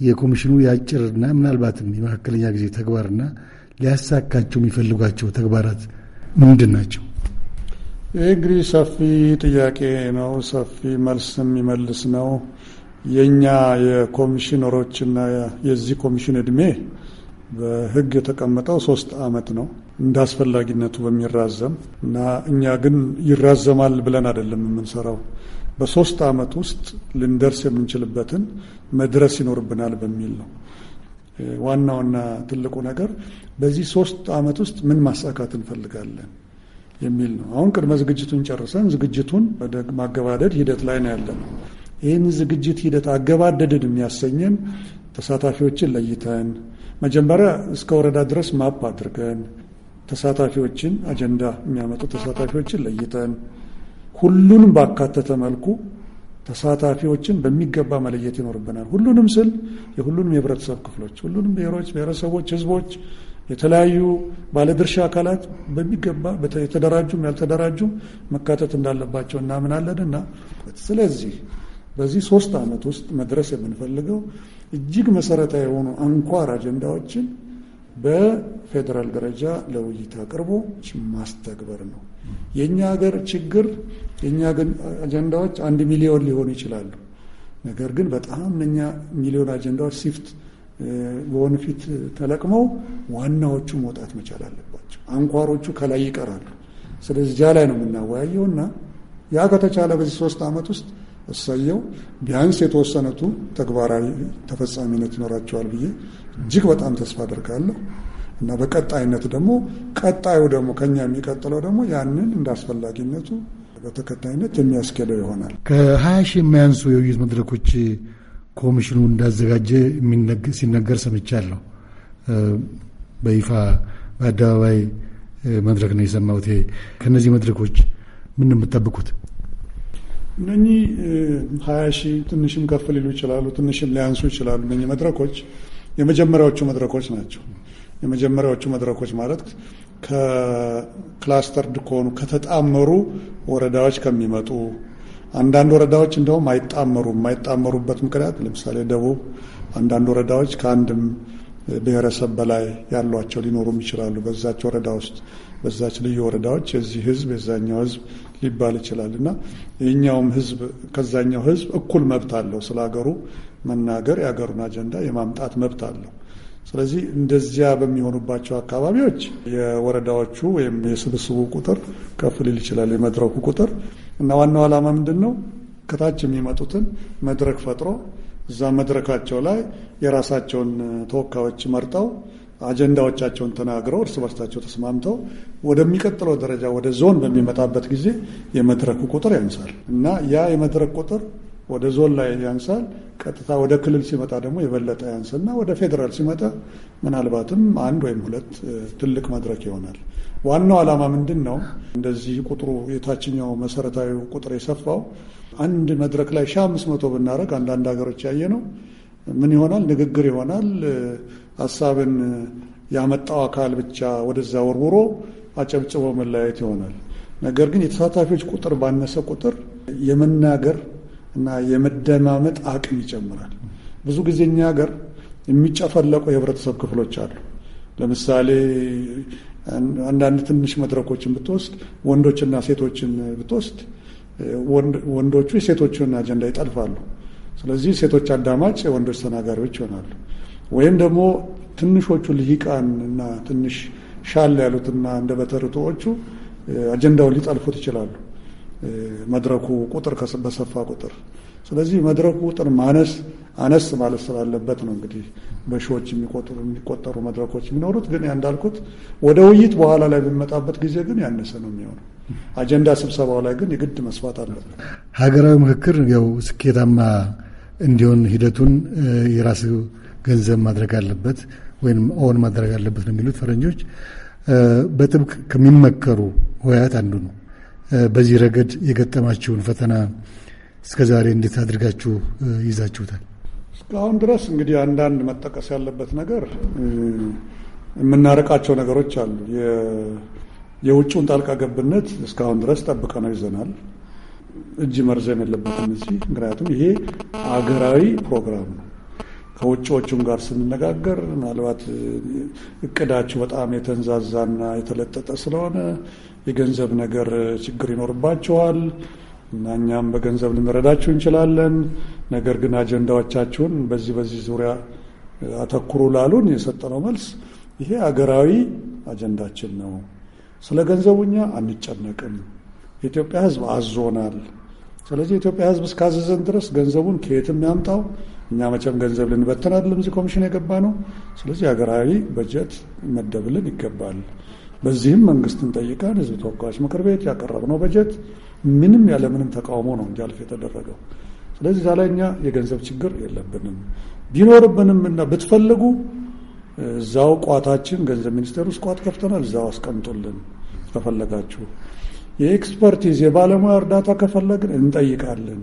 የኮሚሽኑ የአጭርና ምናልባትም የመካከለኛ ጊዜ ተግባርና ሊያሳካቸው የሚፈልጓቸው ተግባራት ምንድን ናቸው? ይህ እንግዲህ ሰፊ ጥያቄ ነው። ሰፊ መልስ የሚመልስ ነው። የእኛ የኮሚሽነሮችና የዚህ ኮሚሽን እድሜ በህግ የተቀመጠው ሶስት አመት ነው እንደ አስፈላጊነቱ በሚራዘም እና እኛ ግን ይራዘማል ብለን አይደለም የምንሰራው በሶስት አመት ውስጥ ልንደርስ የምንችልበትን መድረስ ይኖርብናል በሚል ነው። ዋናውና ትልቁ ነገር በዚህ ሶስት አመት ውስጥ ምን ማሳካት እንፈልጋለን የሚል ነው። አሁን ቅድመ ዝግጅቱን ጨርሰን ዝግጅቱን ወደ ማገባደድ ሂደት ላይ ነው ያለ ነው። ይህን ዝግጅት ሂደት አገባደድን የሚያሰኘን ተሳታፊዎችን ለይተን መጀመሪያ እስከ ወረዳ ድረስ ማፕ አድርገን ተሳታፊዎችን አጀንዳ የሚያመጡ ተሳታፊዎችን ለይተን ሁሉንም ባካተተ መልኩ ተሳታፊዎችን በሚገባ መለየት ይኖርብናል። ሁሉንም ስል የሁሉንም የህብረተሰብ ክፍሎች፣ ሁሉንም ብሔሮች፣ ብሔረሰቦች፣ ህዝቦች የተለያዩ ባለድርሻ አካላት በሚገባ የተደራጁም ያልተደራጁም መካተት እንዳለባቸው እናምናለን እና ስለዚህ በዚህ ሶስት ዓመት ውስጥ መድረስ የምንፈልገው እጅግ መሰረታዊ የሆኑ አንኳር አጀንዳዎችን በፌዴራል ደረጃ ለውይይት አቅርቦ ማስተግበር ነው። የእኛ ሀገር ችግር የእኛ አጀንዳዎች አንድ ሚሊዮን ሊሆኑ ይችላሉ። ነገር ግን በጣም እነኛ ሚሊዮን አጀንዳዎች ሲፍት በወንፊት ተለቅመው ዋናዎቹ መውጣት መቻል አለባቸው። አንኳሮቹ ከላይ ይቀራሉ። ስለዚህ ጃ ላይ ነው የምናወያየው እና ያ ከተቻለ በዚህ ሶስት ዓመት ውስጥ እሳየው ቢያንስ የተወሰነቱ ተግባራዊ ተፈጻሚነት ይኖራቸዋል ብዬ እጅግ በጣም ተስፋ አደርጋለሁ እና በቀጣይነት ደግሞ ቀጣዩ ደግሞ ከኛ የሚቀጥለው ደግሞ ያንን እንደ አስፈላጊነቱ በተከታይነት የሚያስኬደው ይሆናል። ከሀያ ሺህ የማያንሱ የውይይት መድረኮች ኮሚሽኑ እንዳዘጋጀ ሲነገር ሰምቻለሁ። በይፋ በአደባባይ መድረክ ነው የሰማሁት። ከእነዚህ መድረኮች ምን ነው የምጠብቁት? እነኚህ ሀያ ሺህ ትንሽም ከፍ ሊሉ ይችላሉ፣ ትንሽም ሊያንሱ ይችላሉ። እነኚህ መድረኮች የመጀመሪያዎቹ መድረኮች ናቸው። የመጀመሪያዎቹ መድረኮች ማለት ከክላስተርድ ከሆኑ ከተጣመሩ ወረዳዎች ከሚመጡ አንዳንድ ወረዳዎች እንደውም አይጣመሩም። የማይጣመሩበት ምክንያት ለምሳሌ ደቡብ አንዳንድ ወረዳዎች ከአንድም ብሔረሰብ በላይ ያሏቸው ሊኖሩም ይችላሉ። በዛች ወረዳ ውስጥ በዛች ልዩ ወረዳዎች የዚህ ህዝብ የዛኛው ህዝብ ሊባል ይችላል እና የኛውም ህዝብ ከዛኛው ህዝብ እኩል መብት አለው። ስለ ሀገሩ መናገር የሀገሩን አጀንዳ የማምጣት መብት አለው። ስለዚህ እንደዚያ በሚሆኑባቸው አካባቢዎች የወረዳዎቹ ወይም የስብስቡ ቁጥር ከፍ ሊል ይችላል፣ የመድረኩ ቁጥር እና ዋናው ዓላማ ምንድን ነው? ከታች የሚመጡትን መድረክ ፈጥሮ እዛ መድረካቸው ላይ የራሳቸውን ተወካዮች መርጠው አጀንዳዎቻቸውን ተናግረው እርስ በርሳቸው ተስማምተው ወደሚቀጥለው ደረጃ ወደ ዞን በሚመጣበት ጊዜ የመድረኩ ቁጥር ያንሳል እና ያ የመድረክ ቁጥር ወደ ዞን ላይ ያንሳል። ቀጥታ ወደ ክልል ሲመጣ ደግሞ የበለጠ ያንስና ወደ ፌዴራል ሲመጣ ምናልባትም አንድ ወይም ሁለት ትልቅ መድረክ ይሆናል። ዋናው ዓላማ ምንድን ነው? እንደዚህ ቁጥሩ የታችኛው መሰረታዊ ቁጥር የሰፋው አንድ መድረክ ላይ ሺህ አምስት መቶ ብናደረግ አንዳንድ ሀገሮች ያየ ነው ምን ይሆናል? ንግግር ይሆናል። ሀሳብን ያመጣው አካል ብቻ ወደዛ ወርውሮ አጨብጭቦ መለያየት ይሆናል። ነገር ግን የተሳታፊዎች ቁጥር ባነሰ ቁጥር የመናገር እና የመደማመጥ አቅም ይጨምራል። ብዙ ጊዜ እኛ ሀገር የሚጨፈለቁ የህብረተሰብ ክፍሎች አሉ። ለምሳሌ አንዳንድ ትንሽ መድረኮችን ብትወስድ፣ ወንዶችና ሴቶችን ብትወስድ፣ ወንዶቹ የሴቶችን አጀንዳ ይጠልፋሉ። ስለዚህ ሴቶች አዳማጭ፣ የወንዶች ተናጋሪዎች ይሆናሉ። ወይም ደግሞ ትንሾቹ ልሂቃን እና ትንሽ ሻል ያሉትና እንደ በተርቶዎቹ አጀንዳውን ሊጠልፉት ይችላሉ። መድረኩ ቁጥር በሰፋ ቁጥር ስለዚህ መድረኩ ቁጥር ማነስ አነስ ማለት ስላለበት ነው እንግዲህ በሺዎች የሚቆጠሩ መድረኮች የሚኖሩት። ግን እንዳልኩት ወደ ውይይት በኋላ ላይ በሚመጣበት ጊዜ ግን ያነሰ ነው የሚሆነው። አጀንዳ ስብሰባው ላይ ግን የግድ መስፋት አለበት። ሀገራዊ ምክክር ያው ስኬታማ እንዲሆን ሂደቱን የራስ ገንዘብ ማድረግ አለበት ወይም ኦን ማድረግ አለበት ነው የሚሉት ፈረንጆች። በጥብቅ ከሚመከሩ ሆያት አንዱ ነው። በዚህ ረገድ የገጠማችሁን ፈተና እስከ ዛሬ እንዴት አድርጋችሁ ይዛችሁታል? እስካሁን ድረስ እንግዲህ አንዳንድ መጠቀስ ያለበት ነገር የምናርቃቸው ነገሮች አሉ። የውጭውን ጣልቃ ገብነት እስካሁን ድረስ ጠብቀ ነው ይዘናል። እጅ መርዘም የለበትም እዚህ ምክንያቱም ይሄ አገራዊ ፕሮግራም ነው። ከውጭዎቹም ጋር ስንነጋገር ምናልባት እቅዳችሁ በጣም የተንዛዛና የተለጠጠ ስለሆነ የገንዘብ ነገር ችግር ይኖርባቸዋል እና እኛም በገንዘብ ልንረዳችሁ እንችላለን። ነገር ግን አጀንዳዎቻችሁን በዚህ በዚህ ዙሪያ አተኩሩ ላሉን የሰጠነው መልስ ይሄ አገራዊ አጀንዳችን ነው። ስለ ገንዘቡ እኛ አንጨነቅም። የኢትዮጵያ ሕዝብ አዞናል። ስለዚህ የኢትዮጵያ ሕዝብ እስካዘዘን ድረስ ገንዘቡን ከየትም ያምጣው እኛ መቼም ገንዘብ ልንበትን አይደለም እዚህ ኮሚሽን የገባ ነው። ስለዚህ ሀገራዊ በጀት መደብልን ይገባል። በዚህም መንግስትን ጠይቀን ህዝብ ተወካዮች ምክር ቤት ያቀረብነው በጀት ምንም ያለምንም ተቃውሞ ነው እንዲያልፍ የተደረገው። ስለዚህ እዛ ላይ እኛ የገንዘብ ችግር የለብንም። ቢኖርብንም እና ብትፈልጉ እዛው ቋታችን ገንዘብ ሚኒስቴር ውስጥ ቋት ከፍተናል። እዛው አስቀምጡልን ከፈለጋችሁ። የኤክስፐርቲዝ የባለሙያ እርዳታ ከፈለግን እንጠይቃለን።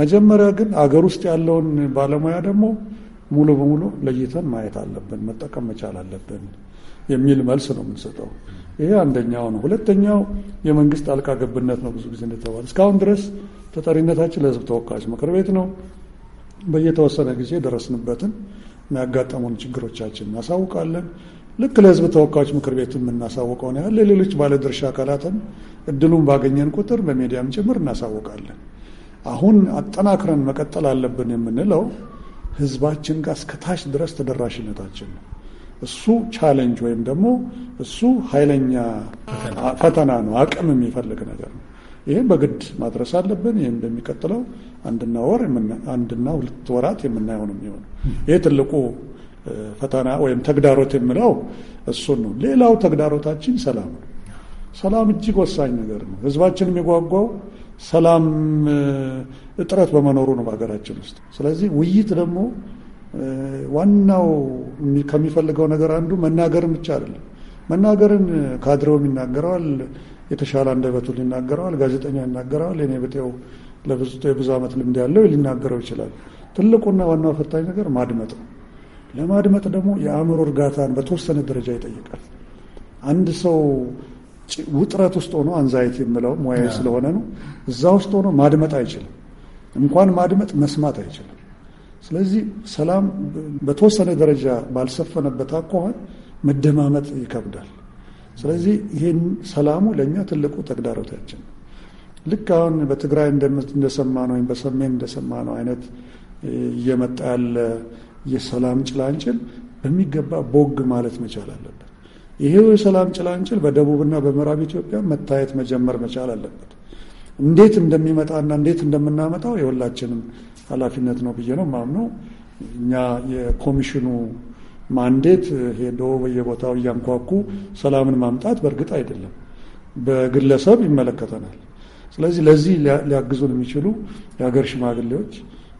መጀመሪያ ግን አገር ውስጥ ያለውን ባለሙያ ደግሞ ሙሉ በሙሉ ለይተን ማየት አለብን፣ መጠቀም መቻል አለብን። የሚል መልስ ነው የምንሰጠው። ይሄ አንደኛው ነው። ሁለተኛው የመንግስት ጣልቃ ገብነት ነው። ብዙ ጊዜ እንደተባለ እስካሁን ድረስ ተጠሪነታችን ለህዝብ ተወካዮች ምክር ቤት ነው። በየተወሰነ ጊዜ የደረስንበትን የሚያጋጠሙን ችግሮቻችን እናሳውቃለን። ልክ ለህዝብ ተወካዮች ምክር ቤት የምናሳውቀውን ያህል ለሌሎች ባለድርሻ አካላትም እድሉን ባገኘን ቁጥር በሚዲያም ጭምር እናሳውቃለን። አሁን አጠናክረን መቀጠል አለብን የምንለው ህዝባችን ጋር እስከታች ድረስ ተደራሽነታችን ነው። እሱ ቻለንጅ ወይም ደግሞ እሱ ኃይለኛ ፈተና ነው፣ አቅም የሚፈልግ ነገር ነው። ይህም በግድ ማድረስ አለብን። ይህም በሚቀጥለው አንድና ወር አንድና ሁለት ወራት የምናየው ነው የሚሆነው። ይህ ትልቁ ፈተና ወይም ተግዳሮት የምለው እሱን ነው። ሌላው ተግዳሮታችን ሰላም ነው። ሰላም እጅግ ወሳኝ ነገር ነው። ህዝባችን የሚጓጓው ሰላም እጥረት በመኖሩ ነው በሀገራችን ውስጥ። ስለዚህ ውይይት ደግሞ ዋናው ከሚፈልገው ነገር አንዱ መናገርን ብቻ አይደለም። መናገርን ካድሬውም ይናገረዋል፣ የተሻለ በቱ ይናገረዋል፣ ጋዜጠኛ ይናገረዋል፣ እኔ ብጤው ለብዙ ዓመት ልምድ ያለው ሊናገረው ይችላል። ትልቁና ዋናው ፈታኝ ነገር ማድመጥ ነው። ለማድመጥ ደግሞ የአእምሮ እርጋታን በተወሰነ ደረጃ ይጠይቃል። አንድ ሰው ውጥረት ውስጥ ሆኖ አንዛይት የምለው ሙያ ስለሆነ ነው። እዛ ውስጥ ሆኖ ማድመጥ አይችልም። እንኳን ማድመጥ መስማት አይችልም። ስለዚህ ሰላም በተወሰነ ደረጃ ባልሰፈነበት አኳኋን መደማመጥ ይከብዳል። ስለዚህ ይህን ሰላሙ ለእኛ ትልቁ ተግዳሮታችን ነው። ልክ አሁን በትግራይ እንደሰማ ነው ወይም በሰሜን እንደሰማ ነው አይነት እየመጣ ያለ የሰላም ጭላንጭል በሚገባ ቦግ ማለት መቻል አለበት። ይሄው የሰላም ጭላንጭል በደቡብና በምዕራብ ኢትዮጵያ መታየት መጀመር መቻል አለበት። እንዴት እንደሚመጣና እንዴት እንደምናመጣው የሁላችንም ኃላፊነት ነው ብዬ ነው ማምነው። እኛ የኮሚሽኑ ማንዴት ሄዶ በየቦታው እያንኳኩ ሰላምን ማምጣት በእርግጥ አይደለም፣ በግለሰብ ይመለከተናል። ስለዚህ ለዚህ ሊያግዙን የሚችሉ የሀገር ሽማግሌዎች፣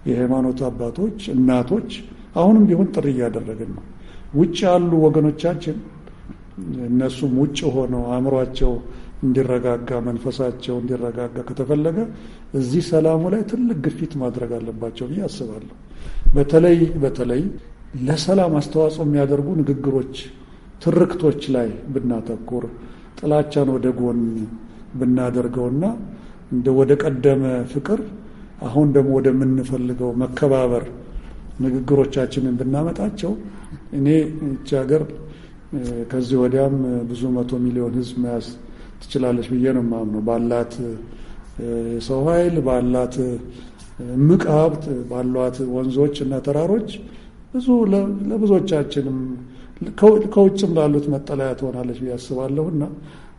የሃይማኖት አባቶች፣ እናቶች አሁንም ቢሆን ጥሪ እያደረግን ነው። ውጭ ያሉ ወገኖቻችን እነሱም ውጭ ሆነው አእምሯቸው እንዲረጋጋ መንፈሳቸው እንዲረጋጋ ከተፈለገ እዚህ ሰላሙ ላይ ትልቅ ግፊት ማድረግ አለባቸው ብዬ አስባለሁ። በተለይ በተለይ ለሰላም አስተዋጽኦ የሚያደርጉ ንግግሮች፣ ትርክቶች ላይ ብናተኩር ጥላቻን ወደ ጎን ብናደርገውና እንደ ወደ ቀደመ ፍቅር አሁን ደግሞ ወደምንፈልገው መከባበር ንግግሮቻችንን ብናመጣቸው እኔ ይቺ ሀገር ከዚህ ወዲያም ብዙ መቶ ሚሊዮን ሕዝብ መያዝ ትችላለች ብዬ ነው የማምነው። ባላት የሰው ኃይል ባላት እምቅ ሀብት ባሏት ወንዞች እና ተራሮች ብዙ ለብዙዎቻችንም ከውጭም ላሉት መጠለያ ትሆናለች ብዬ አስባለሁ እና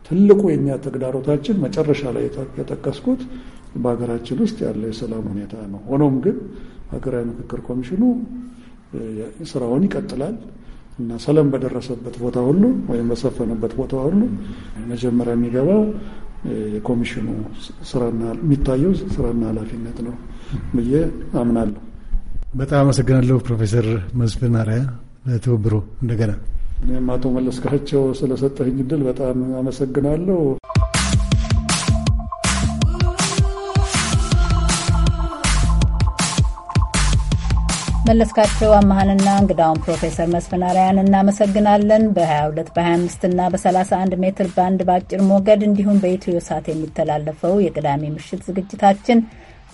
ትልቁ የኛ ተግዳሮታችን መጨረሻ ላይ የጠቀስኩት በሀገራችን ውስጥ ያለው የሰላም ሁኔታ ነው። ሆኖም ግን ሀገራዊ ምክክር ኮሚሽኑ ስራውን ይቀጥላል። እና ሰላም በደረሰበት ቦታ ሁሉ ወይም በሰፈነበት ቦታ ሁሉ መጀመሪያ የሚገባው የኮሚሽኑ ስራና የሚታየው ስራና ኃላፊነት ነው ብዬ አምናለሁ። በጣም አመሰግናለሁ ፕሮፌሰር መስፍን አርያ ለትብብሮ እንደገና እኔም አቶ መለስካቸው ስለሰጠኝ እድል በጣም አመሰግናለሁ። መለስካቸው አመሀንና እንግዳውን ፕሮፌሰር መስፍን እናመሰግናለን። በ22 በ25 እና በ31 ሜትር ባንድ በአጭር ሞገድ እንዲሁም በኢትዮ ሳት የሚተላለፈው የቅዳሜ ምሽት ዝግጅታችን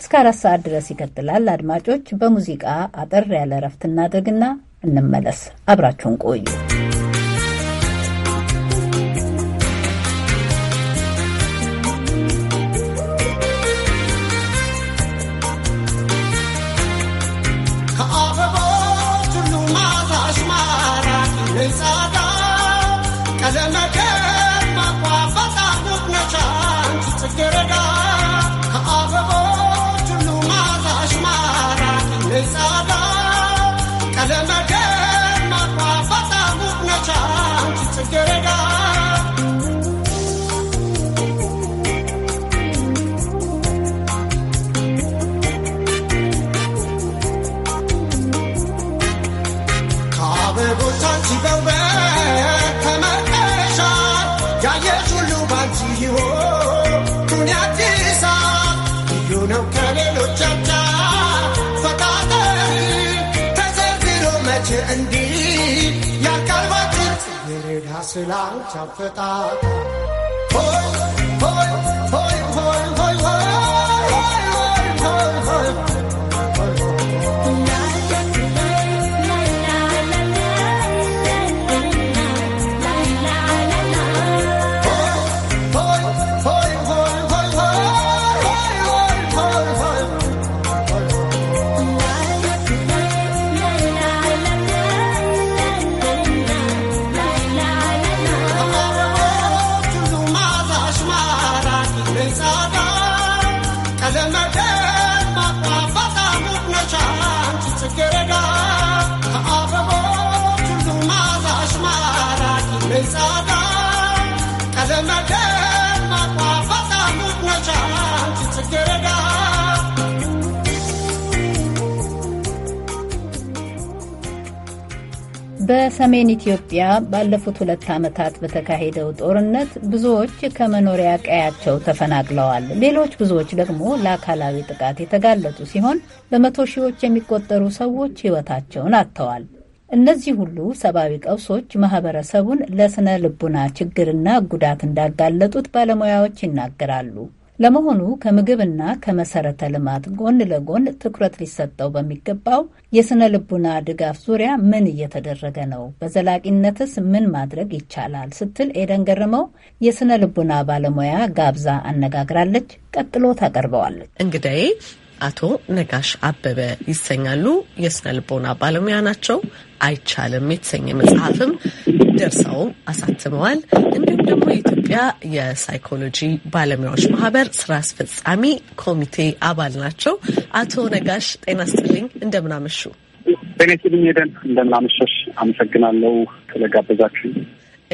እስከ አራት ሰዓት ድረስ ይቀጥላል። አድማጮች፣ በሙዚቃ አጠር ያለ እረፍት እናድርግና እንመለስ። አብራችሁን ቆዩ። 浪叫得大。በሰሜን ኢትዮጵያ ባለፉት ሁለት ዓመታት በተካሄደው ጦርነት ብዙዎች ከመኖሪያ ቀያቸው ተፈናቅለዋል። ሌሎች ብዙዎች ደግሞ ለአካላዊ ጥቃት የተጋለጡ ሲሆን በመቶ ሺዎች የሚቆጠሩ ሰዎች ሕይወታቸውን አጥተዋል። እነዚህ ሁሉ ሰብአዊ ቀውሶች ማህበረሰቡን ለስነ ልቡና ችግርና ጉዳት እንዳጋለጡት ባለሙያዎች ይናገራሉ። ለመሆኑ ከምግብና ከመሰረተ ልማት ጎን ለጎን ትኩረት ሊሰጠው በሚገባው የስነ ልቡና ድጋፍ ዙሪያ ምን እየተደረገ ነው? በዘላቂነትስ ምን ማድረግ ይቻላል? ስትል ኤደን ገርመው የስነ ልቡና ባለሙያ ጋብዛ አነጋግራለች። ቀጥሎ ታቀርበዋለች። እንግዳዬ አቶ ነጋሽ አበበ ይሰኛሉ። የስነ ልቦና ባለሙያ ናቸው። አይቻልም የተሰኘ መጽሐፍም ደርሰው አሳትመዋል። እንዲሁም ደግሞ የኢትዮጵያ የሳይኮሎጂ ባለሙያዎች ማህበር ስራ አስፈጻሚ ኮሚቴ አባል ናቸው። አቶ ነጋሽ ጤና ስጥልኝ፣ እንደምናመሹ ጤና ስጥልኝ። ሄደን እንደምናመሸሽ አመሰግናለሁ ስለጋበዛችሁ።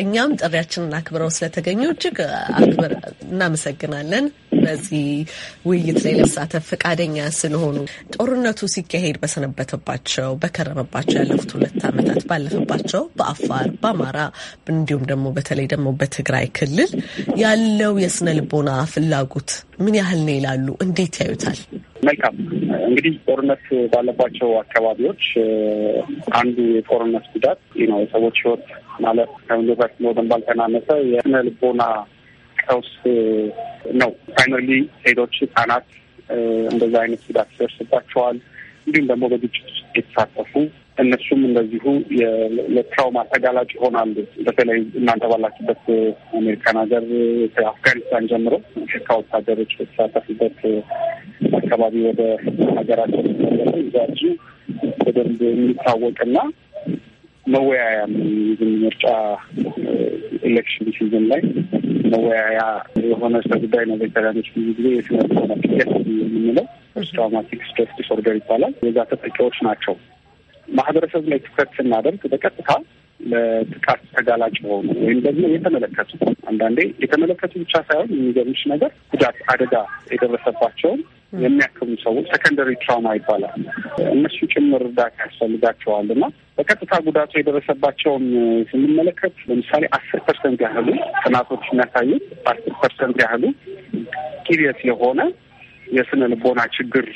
እኛም ጥሪያችንን አክብረው ስለተገኙ እጅግ አክብር እናመሰግናለን። በዚህ ውይይት ላይ ለመሳተፍ ፈቃደኛ ስለሆኑ ጦርነቱ ሲካሄድ በሰነበተባቸው በከረመባቸው ያለፉት ሁለት ዓመታት ባለፈባቸው በአፋር በአማራ እንዲሁም ደግሞ በተለይ ደግሞ በትግራይ ክልል ያለው የስነ ልቦና ፍላጎት ምን ያህል ነው ይላሉ? እንዴት ያዩታል? መልካም እንግዲህ ጦርነት ባለባቸው አካባቢዎች አንዱ የጦርነት ጉዳት ነው የሰዎች ህይወት ማለት ከሚሉ ጋር ባልተናነሰ የስነ ልቦና ቀውስ ነው። ፋይናሊ ሴቶች፣ ህጻናት እንደዛ አይነት ጉዳት ይደርስባቸዋል። እንዲሁም ደግሞ በግጭት ውስጥ የተሳተፉ እነሱም እንደዚሁ ለትራውማ ተጋላጭ ይሆናሉ። በተለይ እናንተ ባላችበት አሜሪካን ሀገር ከአፍጋኒስታን ጀምሮ ሽካ ወታደሮች በተሳተፉበት አካባቢ ወደ ሀገራቸው ሲመለሱ በደንብ የሚታወቅና መወያያ ነው። ምርጫ ኤሌክሽን ሲዝን ላይ መወያያ የሆነ ስለ ጉዳይ ነው። ቬተራኖች ብዙ ጊዜ የስነ ፒኤስ የምንለው ፖስትትራውማቲክ ስትረስ ዲስኦርደር ይባላል። የዛ ተጠቂዎች ናቸው። ማህበረሰብ ላይ ትኩረት ስናደርግ በቀጥታ ለጥቃት ተጋላጭ የሆኑ ወይም ደግሞ የተመለከቱ አንዳንዴ የተመለከቱ ብቻ ሳይሆን የሚገርምሽ ነገር ጉዳት አደጋ የደረሰባቸውን የሚያክሙ ሰዎች ሰከንደሪ ትራውማ ይባላል። እነሱ ጭምር እርዳታ ያስፈልጋቸዋል እና በቀጥታ ጉዳቱ የደረሰባቸውን ስንመለከት ለምሳሌ አስር ፐርሰንት ያህሉ ጥናቶች የሚያሳዩት አስር ፐርሰንት ያህሉ ኪሪየስ የሆነ የስነ ልቦና ችግር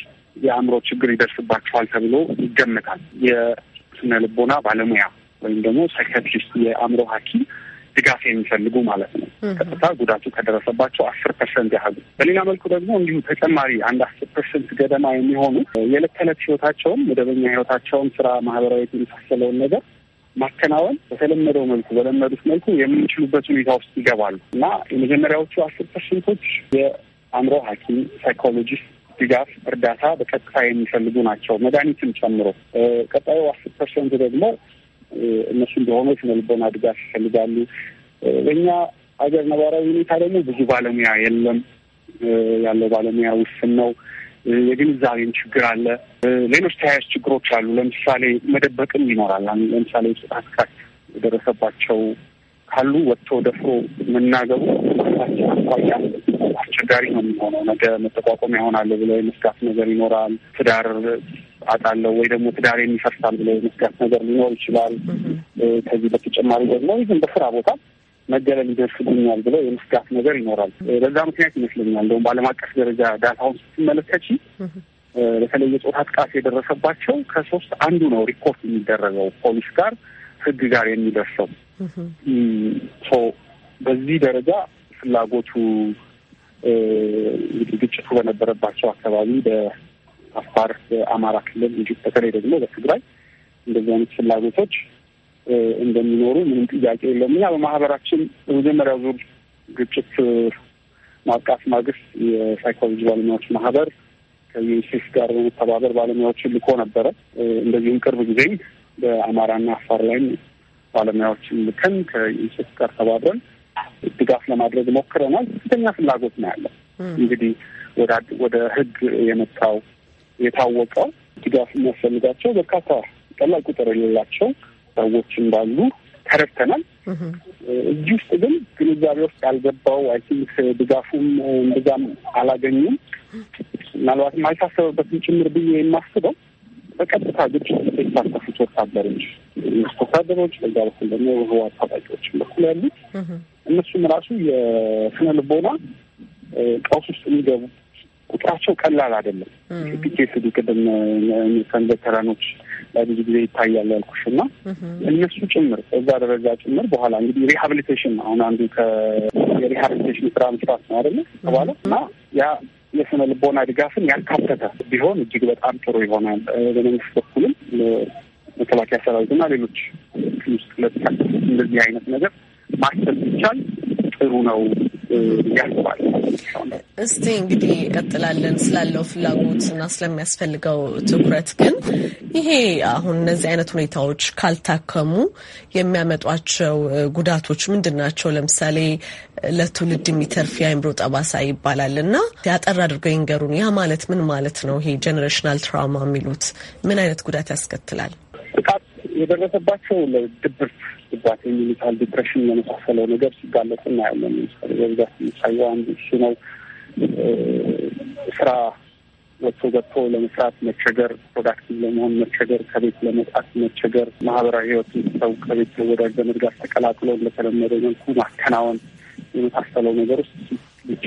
የአእምሮ ችግር ይደርስባቸዋል ተብሎ ይገመታል። የስነ ልቦና ባለሙያ ወይም ደግሞ ሳይካትሪስት የአእምሮ ሐኪም ድጋፍ የሚፈልጉ ማለት ነው። ቀጥታ ጉዳቱ ከደረሰባቸው አስር ፐርሰንት ያህሉ። በሌላ መልኩ ደግሞ እንዲሁ ተጨማሪ አንድ አስር ፐርሰንት ገደማ የሚሆኑ የዕለት ተዕለት ህይወታቸውን መደበኛ ህይወታቸውን፣ ስራ፣ ማህበራዊ የመሳሰለውን ነገር ማከናወን በተለመደው መልኩ በለመዱት መልኩ የምንችሉበት ሁኔታ ውስጥ ይገባሉ እና የመጀመሪያዎቹ አስር ፐርሰንቶች የአእምሮ ሐኪም ሳይኮሎጂስት ድጋፍ እርዳታ በቀጥታ የሚፈልጉ ናቸው መድኃኒትም ጨምሮ። ቀጣዩ አስር ፐርሰንት ደግሞ እነሱ እንደሆነ ስነልቦና ድጋፍ ይፈልጋሉ። በእኛ ሀገር ነባራዊ ሁኔታ ደግሞ ብዙ ባለሙያ የለም። ያለው ባለሙያ ውስን ነው። የግንዛቤም ችግር አለ። ሌሎች ተያያዥ ችግሮች አሉ። ለምሳሌ መደበቅም ይኖራል። ለምሳሌ ጥቃት የደረሰባቸው ካሉ ወጥቶ ደፍሮ መናገሩ ራሳቸው አኳያ አስቸጋሪ ነው የሚሆነው። ነገ መጠቋቆሚያ ይሆናል ብሎ የመስጋት ነገር ይኖራል። ትዳር አጣለው ወይ ደግሞ ትዳር የሚፈርሳል ብሎ የመስጋት ነገር ሊኖር ይችላል። ከዚህ በተጨማሪ ደግሞ ይህም በስራ ቦታ መገለል ይደርስብኛል ብሎ የመስጋት ነገር ይኖራል። በዛ ምክንያት ይመስለኛል እንደውም በዓለም አቀፍ ደረጃ ዳታውን ስትመለከች በተለይ የጾታ ጥቃት የደረሰባቸው ከሶስት አንዱ ነው ሪፖርት የሚደረገው ፖሊስ ጋር ህግ ጋር የሚደርሰው በዚህ ደረጃ ፍላጎቱ እንግዲህ ግጭቱ በነበረባቸው አካባቢ አፋር፣ አማራ ክልል እንጂ በተለይ ደግሞ በትግራይ እንደዚህ አይነት ፍላጎቶች እንደሚኖሩ ምንም ጥያቄ የለውም። እኛ በማህበራችን በመጀመሪያ ዙር ግጭት ማብቃት ማግስት የሳይኮሎጂ ባለሙያዎች ማህበር ከዩኒሴፍ ጋር በመተባበር ባለሙያዎችን ልኮ ነበረ። እንደዚሁም ቅርብ ጊዜም በአማራና አፋር ላይም ባለሙያዎችን ልከን ከዩኒሴፍ ጋር ተባብረን ድጋፍ ለማድረግ ሞክረናል። ከፍተኛ ፍላጎት ነው ያለው። እንግዲህ ወደ ህግ የመጣው የታወቀው ድጋፍ የሚያስፈልጋቸው በርካታ ቀላል ቁጥር የሌላቸው ሰዎች እንዳሉ ተረድተናል። እዚህ ውስጥ ግን ግንዛቤ ውስጥ ያልገባው አይ ቲንክ ድጋፉም እንደዛም አላገኙም። ምናልባትም አይታሰበበትም ጭምር ብዬ የማስበው በቀጥታ ግጭት የተሳተፉት ወታደሮች፣ ወታደሮች በዛ በኩል ደግሞ የህወሓት ታጣቂዎችን በኩል ያሉት እነሱም ራሱ የስነ ልቦና ቀውስ ውስጥ የሚገቡ ቁጥራቸው ቀላል አይደለም። ስዱ ቅድም ሰንበት ተረኖች ላይ ብዙ ጊዜ ይታያል ያልኩሽ እና እነሱ ጭምር እዛ ደረጃ ጭምር በኋላ እንግዲህ ሪሃብሊቴሽን አሁን አንዱ የሪሀብሊቴሽን ስራ መስራት ነው አደለ ተባለ እና ያ የስነ ልቦና ድጋፍን ያካተተ ቢሆን እጅግ በጣም ጥሩ ይሆናል። በመንግስት በኩልም መከላከያ ሰራዊት ሰራዊትና ሌሎች ውስጥ እንደዚህ አይነት ነገር ማሰብ ይቻል ጥሩ ነው ያልቋል። እስቲ እንግዲህ ቀጥላለን ስላለው ፍላጎት እና ስለሚያስፈልገው ትኩረት ግን ይሄ አሁን እነዚህ አይነት ሁኔታዎች ካልታከሙ የሚያመጧቸው ጉዳቶች ምንድን ናቸው? ለምሳሌ ለትውልድ የሚተርፍ የአይምሮ ጠባሳ ይባላል እና ያጠር አድርገው ይንገሩን። ያ ማለት ምን ማለት ነው? ይሄ ጀኔሬሽናል ትራውማ የሚሉት ምን አይነት ጉዳት ያስከትላል? ጥቃት የደረሰባቸው ለድብርት ድባት የሚሉታል ዲፕሬሽን የመሳሰለው ነገር ሲጋለጡ እናያለን። ለምሳሌ በብዛት የሚታየው አንዱ እሱ ነው። ስራ ወጥቶ ገብቶ ለመስራት መቸገር፣ ፕሮዳክቲቭ ለመሆን መቸገር፣ ከቤት ለመውጣት መቸገር፣ ማህበራዊ ህይወትን ሰው ከቤት ወዳጅ ዘመድ ጋር ለተለመደ መልኩ ማከናወን የመሳሰለው ነገር ውስጥ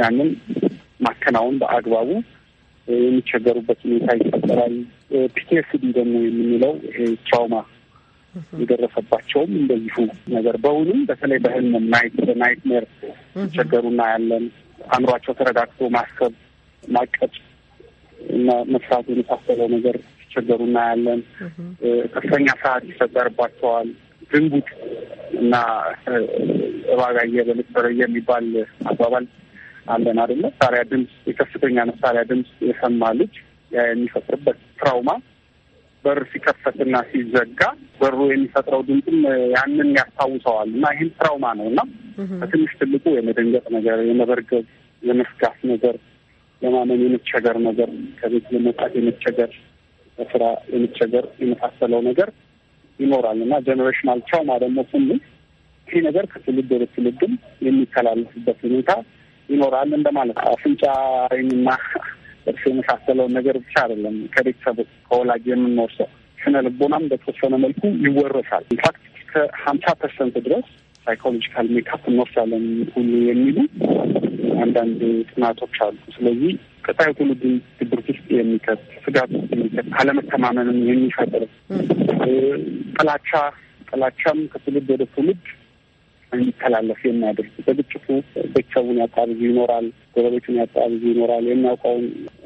ያንን ማከናወን በአግባቡ የሚቸገሩበት ሁኔታ ይፈጠራል። ፒቲኤስዲ ደግሞ የምንለው ይሄ ትራውማ የደረሰባቸውም እንደዚሁ ነገር በውንም በተለይ በህልም ናይት በናይትሜር ይቸገሩና ያለን አእምሯቸው ተረጋግቶ ማሰብ ማቀጭ እና መስራት የመሳሰለው ነገር ሲቸገሩ እናያለን። ከፍተኛ ሰዓት ይፈጠርባቸዋል። ድንጉጥ እና እባጋየ በልበረየ የሚባል አባባል አለን አደለ? መሳሪያ ድምፅ፣ የከፍተኛ መሳሪያ ድምፅ የሰማ ልጅ የሚፈጥርበት ትራውማ በር ሲከፈትና ሲዘጋ በሩ የሚፈጥረው ድምፅም ያንን ያስታውሰዋል እና ይህም ትራውማ ነው እና በትንሽ ትልቁ የመደንገጥ ነገር፣ የመበርገብ፣ የመስጋት ነገር፣ የማመን የመቸገር ነገር፣ ከቤት ለመውጣት የመቸገር፣ በስራ የመቸገር የመሳሰለው ነገር ይኖራል እና ጀኔሬሽናል ትራውማ ደግሞ ስንል ይህ ነገር ከትውልድ ወደ ትውልድም የሚተላለፍበት ሁኔታ ይኖራል እንደማለት አፍንጫ ወይምና እርስ የመሳሰለውን ነገር ብቻ አይደለም ከቤተሰብ ከወላጅ የምንወርሰው ስነ ልቦናም በተወሰነ መልኩ ይወረሳል። ኢንፋክት እስከ ሀምሳ ፐርሰንት ድረስ ሳይኮሎጂካል ሜካፕ እንወርሳለን ሁሉ የሚሉ አንዳንድ ጥናቶች አሉ። ስለዚህ ቀጣዩ ትውልድን ድብርት ውስጥ የሚከት ስጋት ውስጥ የሚከት አለመተማመንም የሚፈጥር ጥላቻ ጥላቻም ከትውልድ ወደ ትውልድ እንዲተላለፍ የሚያደርግ በግጭቱ ቤተሰቡን ያጣ ብዙ ይኖራል፣ ጎረቤቱን ያጣ ብዙ ይኖራል፣ የሚያውቀውን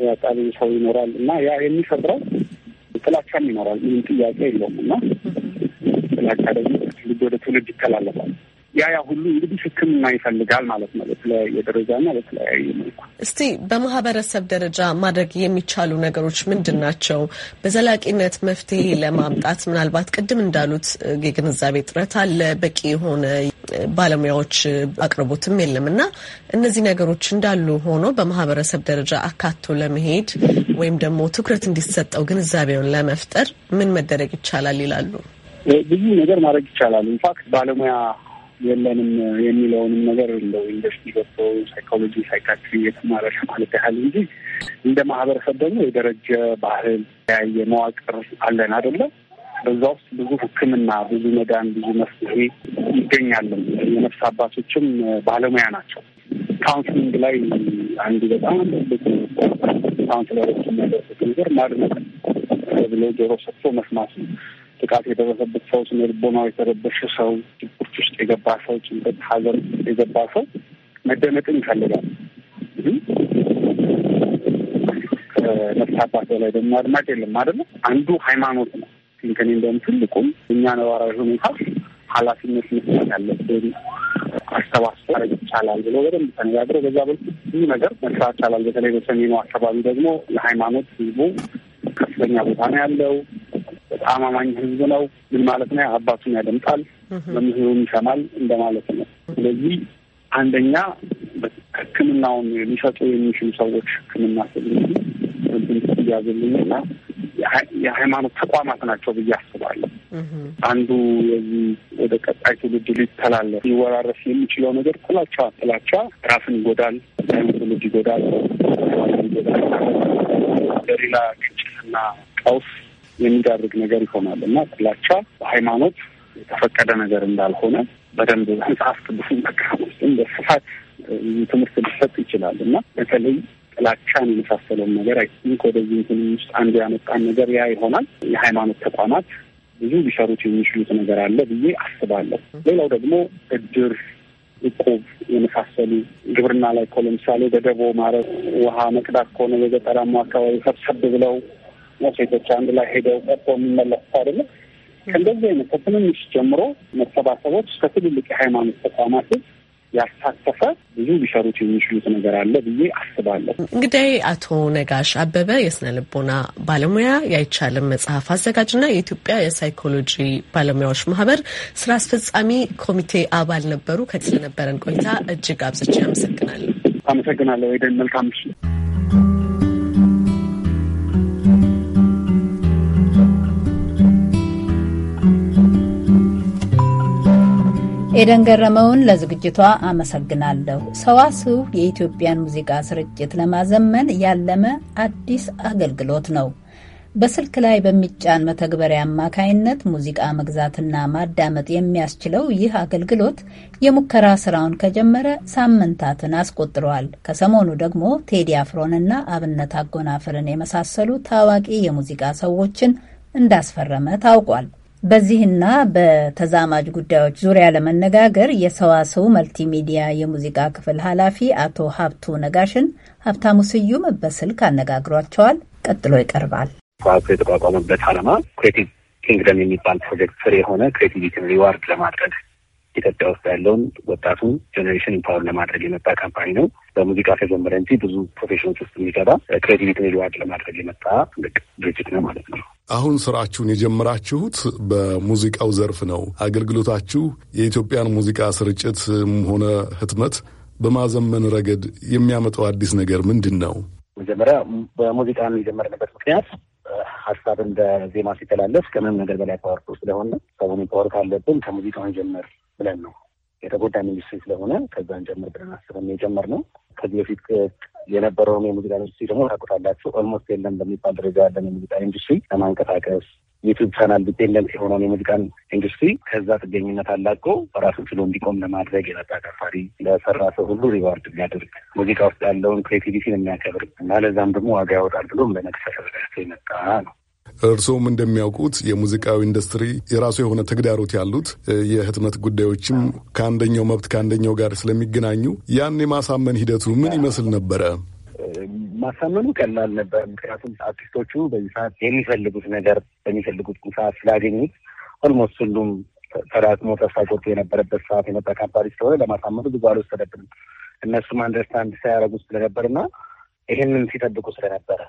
ያጣ ብዙ ሰው ይኖራል እና ያ የሚፈጥረው ጥላቻም ይኖራል። ምንም ጥያቄ የለውም እና ጥላቻ ደግሞ ልጅ ወደ ትውልድ ይተላለፋል። ያ ያ ሁሉ እንግዲህ ሕክምና ይፈልጋል ማለት ነው። በተለያየ ደረጃና በተለያየ መልኩ። እስቲ በማህበረሰብ ደረጃ ማድረግ የሚቻሉ ነገሮች ምንድን ናቸው? በዘላቂነት መፍትሄ ለማምጣት ምናልባት ቅድም እንዳሉት የግንዛቤ ጥረት አለ፣ በቂ የሆነ ባለሙያዎች አቅርቦትም የለም እና እነዚህ ነገሮች እንዳሉ ሆኖ በማህበረሰብ ደረጃ አካቶ ለመሄድ ወይም ደግሞ ትኩረት እንዲሰጠው ግንዛቤውን ለመፍጠር ምን መደረግ ይቻላል ይላሉ? ብዙ ነገር ማድረግ ይቻላል። ኢንፋክት ባለሙያ የለንም የሚለውንም ነገር እንደው ዩኒቨርሲቲ ገብቶ ሳይኮሎጂ ሳይካትሪ የተማረ ማለት ያህል እንጂ እንደ ማህበረሰብ ደግሞ የደረጀ ባህል ያየ መዋቅር አለን አደለ? በዛ ውስጥ ብዙ ሕክምና ብዙ መዳን ብዙ መፍትሄ ይገኛለን። የነፍስ አባቶችም ባለሙያ ናቸው። ካውንስሊንግ ላይ አንዱ በጣም ትልቁ ካውንስለሮች የሚያደርጉት ነገር ማድነቅ ብሎ ጆሮ ሰጥቶ መስማት ነው። ጥቃት የደረሰበት ሰው ስነ ልቦናው የተረበሸ ሰው፣ ችግሮች ውስጥ የገባ ሰው፣ ጭንቀት፣ ሐዘን የገባ ሰው መደመጥን ይፈልጋል። ከነፍስ አባት በላይ ደግሞ አድማጭ የለም አይደለ? አንዱ ሃይማኖት ነው። ሲንከኔ እንደውም ትልቁም እኛ ነባራዊ ሁኔታ ኃላፊነት መስጠት ያለብን አሰባስቦ ይቻላል ብሎ በደንብ ተነጋግረው በዛ በል ብዙ ነገር መስራት ይቻላል። በተለይ በሰሜኑ አካባቢ ደግሞ ለሃይማኖት ህዝቡ ከፍተኛ ቦታ ነው ያለው። በጣም አማኝ ህዝብ ነው። ምን ማለት ነው? አባቱን ያደምጣል መምህሩን ይሰማል እንደማለት ነው። ስለዚህ አንደኛ ሕክምናውን ሊሰጡ የሚችሉ ሰዎች ሕክምና ስልኝ ያዝልኝና የሃይማኖት ተቋማት ናቸው ብዬ አስባለሁ። አንዱ የዚህ ወደ ቀጣይ ትውልድ ሊተላለፍ ሊወራረስ የሚችለው ነገር ጥላቻ ጥላቻ ራስን ይጎዳል፣ ትውልድ ይጎዳል፣ ይጎዳል ለሌላ ግጭትና ቀውስ የሚዳርግ ነገር ይሆናል እና ጥላቻ በሃይማኖት የተፈቀደ ነገር እንዳልሆነ በደንብ መጽሐፍ ቅዱስን መቃወም ውስጥም በስፋት ትምህርት ሊሰጥ ይችላል እና በተለይ ጥላቻን የመሳሰለውን ነገር አይንክ ወደዚህ እንትን ውስጥ አንዱ ያመጣን ነገር ያ ይሆናል። የሃይማኖት ተቋማት ብዙ ሊሰሩት የሚችሉት ነገር አለ ብዬ አስባለሁ። ሌላው ደግሞ እድር፣ እቁብ የመሳሰሉ ግብርና ላይ እኮ ለምሳሌ በደቦ ማረስ ውሃ መቅዳት ከሆነ በገጠራማ አካባቢ ሰብሰብ ብለው ሴቶች አንድ ላይ ሄደው ቀጥቶ የሚመለሱት አይደለም። ከእንደዚህ አይነት ከትንንሽ ጀምሮ መሰባሰቦች እስከ ትልልቅ የሃይማኖት ተቋማት ያሳተፈ ብዙ ሊሰሩት የሚችሉት ነገር አለ ብዬ አስባለሁ። እንግዲህ አቶ ነጋሽ አበበ የስነ ልቦና ባለሙያ ያይቻልም መጽሐፍ አዘጋጅና የኢትዮጵያ የሳይኮሎጂ ባለሙያዎች ማህበር ስራ አስፈጻሚ ኮሚቴ አባል ነበሩ። ከዚህ ቆይታ እጅግ አብዝቼ አመሰግናለሁ። አመሰግናለሁ። ወይደን መልካም ኤደን ገረመውን ለዝግጅቷ አመሰግናለሁ። ሰዋስው የኢትዮጵያን ሙዚቃ ስርጭት ለማዘመን ያለመ አዲስ አገልግሎት ነው። በስልክ ላይ በሚጫን መተግበሪያ አማካይነት ሙዚቃ መግዛትና ማዳመጥ የሚያስችለው ይህ አገልግሎት የሙከራ ስራውን ከጀመረ ሳምንታትን አስቆጥረዋል። ከሰሞኑ ደግሞ ቴዲ አፍሮንና አብነት አጎናፍርን የመሳሰሉ ታዋቂ የሙዚቃ ሰዎችን እንዳስፈረመ ታውቋል። በዚህና በተዛማጅ ጉዳዮች ዙሪያ ለመነጋገር የሰዋሰው መልቲሚዲያ የሙዚቃ ክፍል ኃላፊ አቶ ሀብቱ ነጋሽን ሀብታሙ ስዩም በስልክ አነጋግሯቸዋል። ቀጥሎ ይቀርባል። ሰዋሰው የተቋቋመበት ዓላማ ክሬቲቭ ኪንግደም የሚባል ፕሮጀክት ስር የሆነ ክሬቲቪቲን ሪዋርድ ለማድረግ ኢትዮጵያ ውስጥ ያለውን ወጣቱን ጀኔሬሽን ኢምፓወር ለማድረግ የመጣ ካምፓኒ ነው። በሙዚቃ ከጀመረ እንጂ ብዙ ፕሮፌሽኖች ውስጥ የሚገባ ክሬቲቪቲን ሪዋርድ ለማድረግ የመጣ ትልቅ ድርጅት ነው ማለት ነው። አሁን ስራችሁን የጀመራችሁት በሙዚቃው ዘርፍ ነው። አገልግሎታችሁ የኢትዮጵያን ሙዚቃ ስርጭት ሆነ ህትመት በማዘመን ረገድ የሚያመጣው አዲስ ነገር ምንድን ነው? መጀመሪያ በሙዚቃ የጀመርንበት ምክንያት ሀሳብ እንደ ዜማ ሲተላለፍ ከምንም ነገር በላይ ፓወርፉል ስለሆነ ሰሞኑን ፓወር ካለብን ከሙዚቃውን ጀምር ብለን ነው የተጎዳ ኢንዱስትሪ ስለሆነ ከዛን ጀምር ብለን አስበን የጀመር ነው። ከዚህ በፊት የነበረውን የሙዚቃ ኢንዱስትሪ ደግሞ ታውቁታላችሁ። ኦልሞስት የለም በሚባል ደረጃ ያለን የሙዚቃ ኢንዱስትሪ ለማንቀሳቀስ ዩቱብ ቻናል ዲፔንደንት የሆነውን የሙዚቃን ኢንዱስትሪ ከዛ ጥገኝነት አላቆ በራሱ ችሎ እንዲቆም ለማድረግ የመጣ ቀርፋሪ ለሰራ ሰው ሁሉ ሪዋርድ የሚያደርግ ሙዚቃ ውስጥ ያለውን ክሬቲቪቲን የሚያከብር እና ለዛም ደግሞ ዋጋ ያወጣል ብሎ ለነግሰ የመጣ ነው። እርስዎም እንደሚያውቁት የሙዚቃው ኢንዱስትሪ የራሱ የሆነ ተግዳሮት ያሉት የህትመት ጉዳዮችም ከአንደኛው መብት ከአንደኛው ጋር ስለሚገናኙ ያን የማሳመን ሂደቱ ምን ይመስል ነበረ? ማሳመኑ ቀላል ነበር። ምክንያቱም አርቲስቶቹ በዚህ ሰዓት የሚፈልጉት ነገር በሚፈልጉት ሰዓት ስላገኙት ኦልሞስት ሁሉም ተዳክሞ ተስፋ ቆርጦ የነበረበት ሰዓት የመጣ ካምፓኒ ስለሆነ ለማሳመኑ ብዙ አልወሰደብንም። እነሱም አንደርስታንድ ሳያደርጉት ስለነበር እና ይህንን ሲጠብቁ ስለነበረ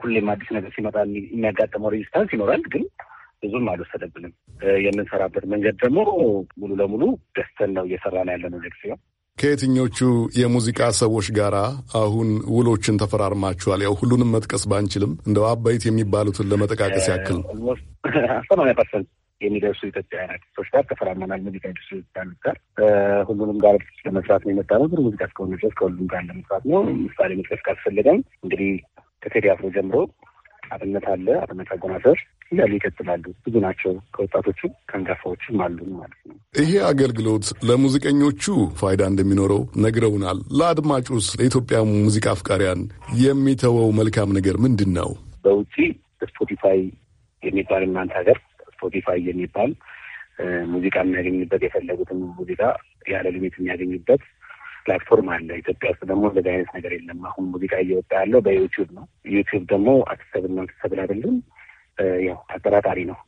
ሁሌም አዲስ ነገር ሲመጣ የሚያጋጥመው ሬጅስታንስ ይኖራል ግን ብዙም አልወሰደብንም። የምንሰራበት መንገድ ደግሞ ሙሉ ለሙሉ ደስተን ነው እየሰራ ነው ያለ ነው። ከየትኞቹ የሙዚቃ ሰዎች ጋር አሁን ውሎችን ተፈራርማችኋል? ያው ሁሉንም መጥቀስ ባንችልም እንደው አበይት የሚባሉትን ለመጠቃቀስ ያክል ሰማንያ ፐርሰንት የሚደርሱ ኢትዮጵያውያን አርቲስቶች ጋር ተፈራርመናል። ሙዚቃ ኢንዱስትሪ ካሉት ጋር ሁሉንም ጋር ለመስራት ነው የመጣ ነው። ግን ሙዚቃ እስከሆነ ድረስ ከሁሉም ጋር ለመስራት ነው። ምሳሌ መጥቀስ ካስፈለገም እንግዲህ ከቴዲ አፍሮ ጀምሮ አብነት አለ፣ አብነት አጎናፍር እያሉ ይቀጥላሉ። ብዙ ናቸው። ከወጣቶቹ ከንጋፋዎችም አሉ ማለት ነው። ይሄ አገልግሎት ለሙዚቀኞቹ ፋይዳ እንደሚኖረው ነግረውናል። ለአድማጩስ፣ ለኢትዮጵያ ሙዚቃ አፍቃሪያን የሚተወው መልካም ነገር ምንድን ነው? በውጪ ስፖቲፋይ የሚባል እናንተ ሀገር ስፖቲፋይ የሚባል ሙዚቃ የሚያገኝበት የፈለጉትን ሙዚቃ ያለ ሊሚት የሚያገኝበት ፕላትፎርም አለ። ኢትዮጵያ ውስጥ ደግሞ እንደዚህ አይነት ነገር የለም። አሁን ሙዚቃ እየወጣ ያለው በዩቲዩብ ነው። ዩቲዩብ ደግሞ አክሰብና አክሰብል አይደለም ያው ተጠራጣሪ ነው።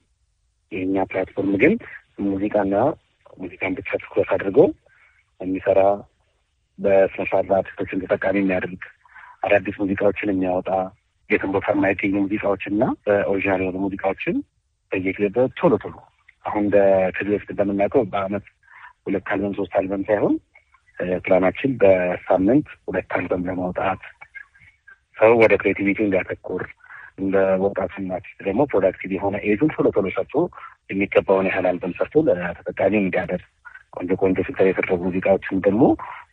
የእኛ ፕላትፎርም ግን ሙዚቃና ሙዚቃን ብቻ ትኩረት አድርጎ የሚሰራ በስነስርዓት አርቲስቶችን ተጠቃሚ የሚያደርግ አዳዲስ ሙዚቃዎችን የሚያወጣ የትን ቦታ የማይገኙ ሙዚቃዎችን እና ኦሪጂናል የሆኑ ሙዚቃዎችን በየጊዜ ቶሎ ቶሎ አሁን ከዚህ በፊት እንደምናውቀው በአመት ሁለት አልበም ሶስት አልበም ሳይሆን ፕላናችን በሳምንት ሁለት አልበም ለማውጣት ሰው ወደ ክሬቲቪቲ እንዲያተኩር እንደ ወጣትና ደግሞ ፕሮዳክቲቭ የሆነ ኤጁን ቶሎ ቶሎ ሰርቶ የሚገባውን ያህል አልበም ሰርቶ ለተጠቃሚ እንዲያደርስ ቆንጆ ቆንጆ ፊልተር የተደረጉ ሙዚቃዎችን ደግሞ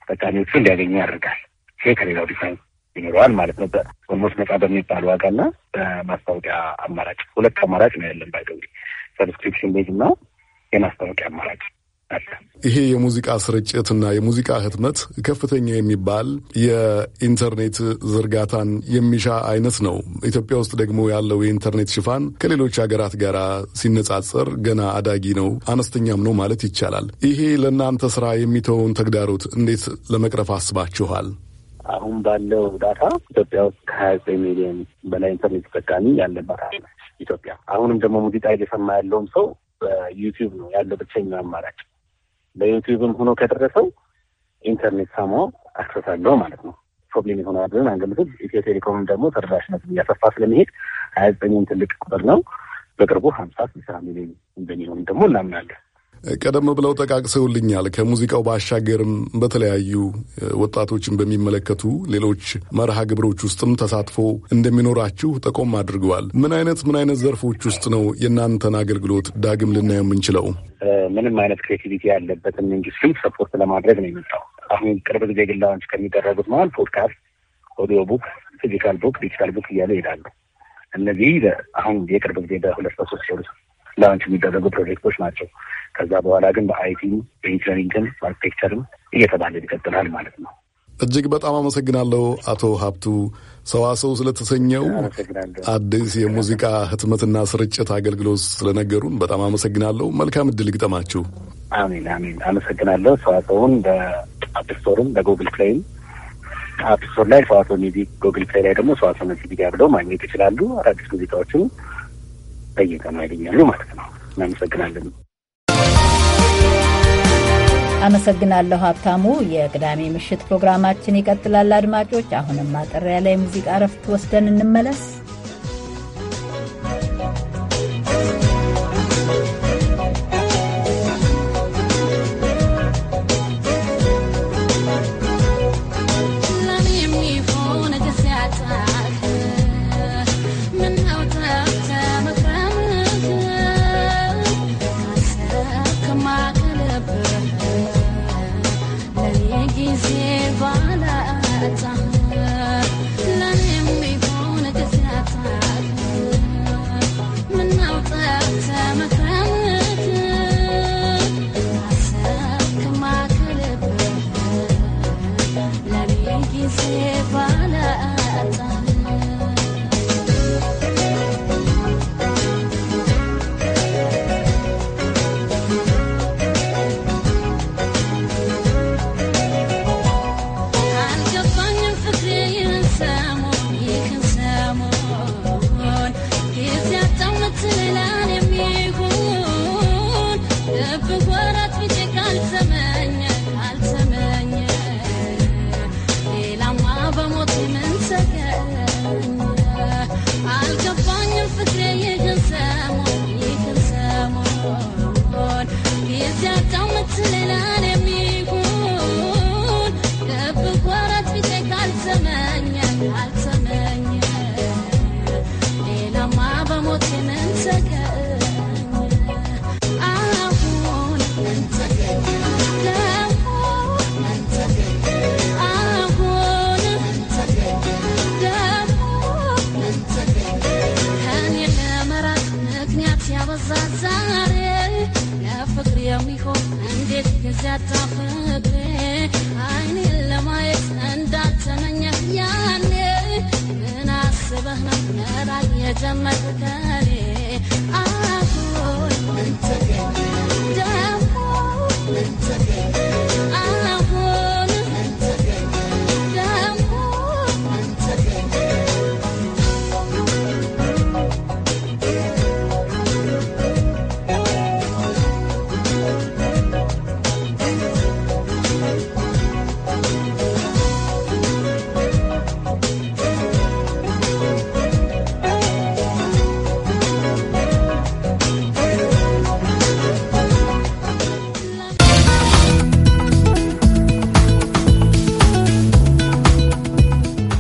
ተጠቃሚዎቹ እንዲያገኙ ያደርጋል። ይሄ ከሌላው ዲዛይን ይኖረዋል ማለት ነው። በኦልሞስት ነጻ በሚባል ዋጋና በማስታወቂያ አማራጭ ሁለት አማራጭ ነው ያለን ባይደው ሰብስክሪፕሽን ቤዝ እና የማስታወቂያ አማራጭ ይሄ የሙዚቃ ስርጭትና የሙዚቃ ህትመት ከፍተኛ የሚባል የኢንተርኔት ዝርጋታን የሚሻ አይነት ነው። ኢትዮጵያ ውስጥ ደግሞ ያለው የኢንተርኔት ሽፋን ከሌሎች ሀገራት ጋር ሲነጻጸር ገና አዳጊ ነው፣ አነስተኛም ነው ማለት ይቻላል። ይሄ ለእናንተ ስራ የሚተውን ተግዳሮት እንዴት ለመቅረፍ አስባችኋል? አሁን ባለው ዳታ ኢትዮጵያ ውስጥ ከሀያ ዘጠኝ ሚሊዮን በላይ ኢንተርኔት ተጠቃሚ ያለባት ኢትዮጵያ አሁንም ደግሞ ሙዚቃ እየሰማ ያለውም ሰው በዩቲዩብ ነው ያለው ብቸኛው አማራጭ በዩቲዩብም ሆኖ ከደረሰው ኢንተርኔት ሳሞ አክሰስ አለው ማለት ነው። ፕሮብሌም የሆነዋል ብለን አንገምትም። ኢትዮ ቴሌኮምም ደግሞ ተደራሽነት እያሰፋ ስለመሄድ ሀያ ዘጠኝም ትልቅ ቁጥር ነው። በቅርቡ ሀምሳ ስልሳ ሚሊዮን እንደሚሆን ደግሞ እናምናለን። ቀደም ብለው ጠቃቅሰውልኛል። ከሙዚቃው ባሻገርም በተለያዩ ወጣቶችን በሚመለከቱ ሌሎች መርሃ ግብሮች ውስጥም ተሳትፎ እንደሚኖራችሁ ጠቆም አድርገዋል። ምን አይነት ምን አይነት ዘርፎች ውስጥ ነው የእናንተን አገልግሎት ዳግም ልናየው የምንችለው? ምንም አይነት ክሬቲቪቲ ያለበትን መንግስትም ሰፖርት ለማድረግ ነው የመጣው። አሁን ቅርብ ጊዜ ግን ላውንች ከሚደረጉት መሀል ፖድካስት፣ ኦዲዮ ቡክ፣ ፊዚካል ቡክ፣ ዲጂታል ቡክ እያሉ ይሄዳሉ። እነዚህ አሁን የቅርብ ጊዜ በሁለት በሶስት ላንች የሚደረጉ ፕሮጀክቶች ናቸው። ከዛ በኋላ ግን በአይቲም በኢንጂነሪንግም በአርክቴክቸርም እየተባለ ይቀጥላል ማለት ነው። እጅግ በጣም አመሰግናለሁ አቶ ሀብቱ ሰዋሰው ስለተሰኘው አዲስ የሙዚቃ ህትመትና ስርጭት አገልግሎት ስለነገሩን በጣም አመሰግናለሁ። መልካም እድል ይግጠማችሁ። አሜን አሜን። አመሰግናለሁ። ሰዋሰውን በአፕስቶርም በጉግል ፕሌይም አፕስቶር ላይ ሰዋሰው ሚዚክ፣ ጉግል ፕሌይ ላይ ደግሞ ሰዋሰው ሚዚክ ብለው ማግኘት ይችላሉ። አዳዲስ ሙዚቃዎችን በየቀኑ ያገኛሉ ማለት ነው። እናመሰግናለን። አመሰግናለሁ ሀብታሙ። የቅዳሜ ምሽት ፕሮግራማችን ይቀጥላል። አድማጮች፣ አሁንም ማጠሪያ ላይ ሙዚቃ እረፍት ወስደን እንመለስ። ያጣሁ እግሬ አይኔን ለማየት እንዳተመኘህ ያኔ ምን አስበህ ነው መራቅ የጀመርከው?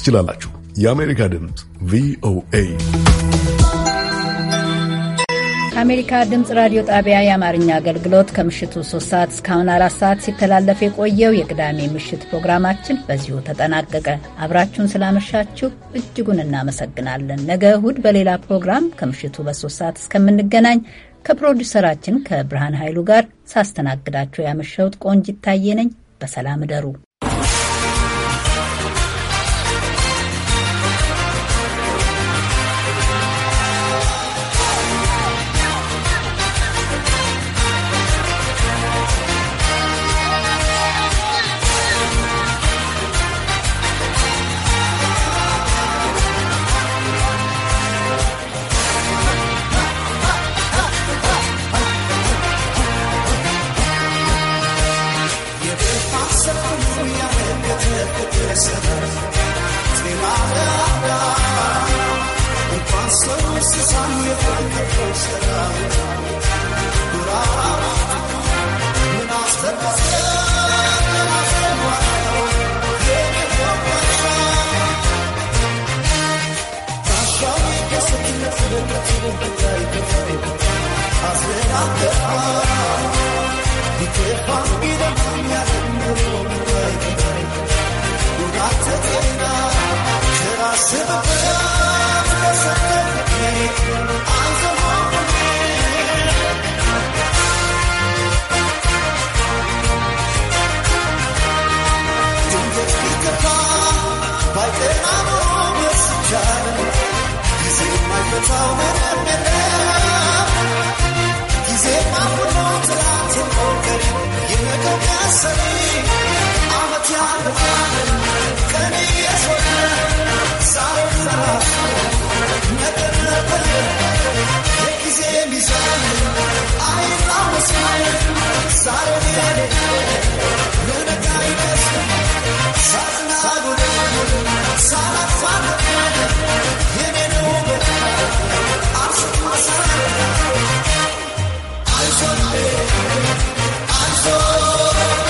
ትችላላችሁ። የአሜሪካ ድምፅ ቪኦኤ የአሜሪካ ድምፅ ራዲዮ ጣቢያ የአማርኛ አገልግሎት ከምሽቱ 3 ሰዓት እስካሁን አራት ሰዓት ሲተላለፍ የቆየው የቅዳሜ ምሽት ፕሮግራማችን በዚሁ ተጠናቀቀ። አብራችሁን ስላመሻችሁ እጅጉን እናመሰግናለን። ነገ እሁድ በሌላ ፕሮግራም ከምሽቱ በሶስት ሰዓት እስከምንገናኝ ከፕሮዲውሰራችን ከብርሃን ኃይሉ ጋር ሳስተናግዳችሁ ያመሸሁት ቆንጅ ይታየነኝ። በሰላም እደሩ። I'm so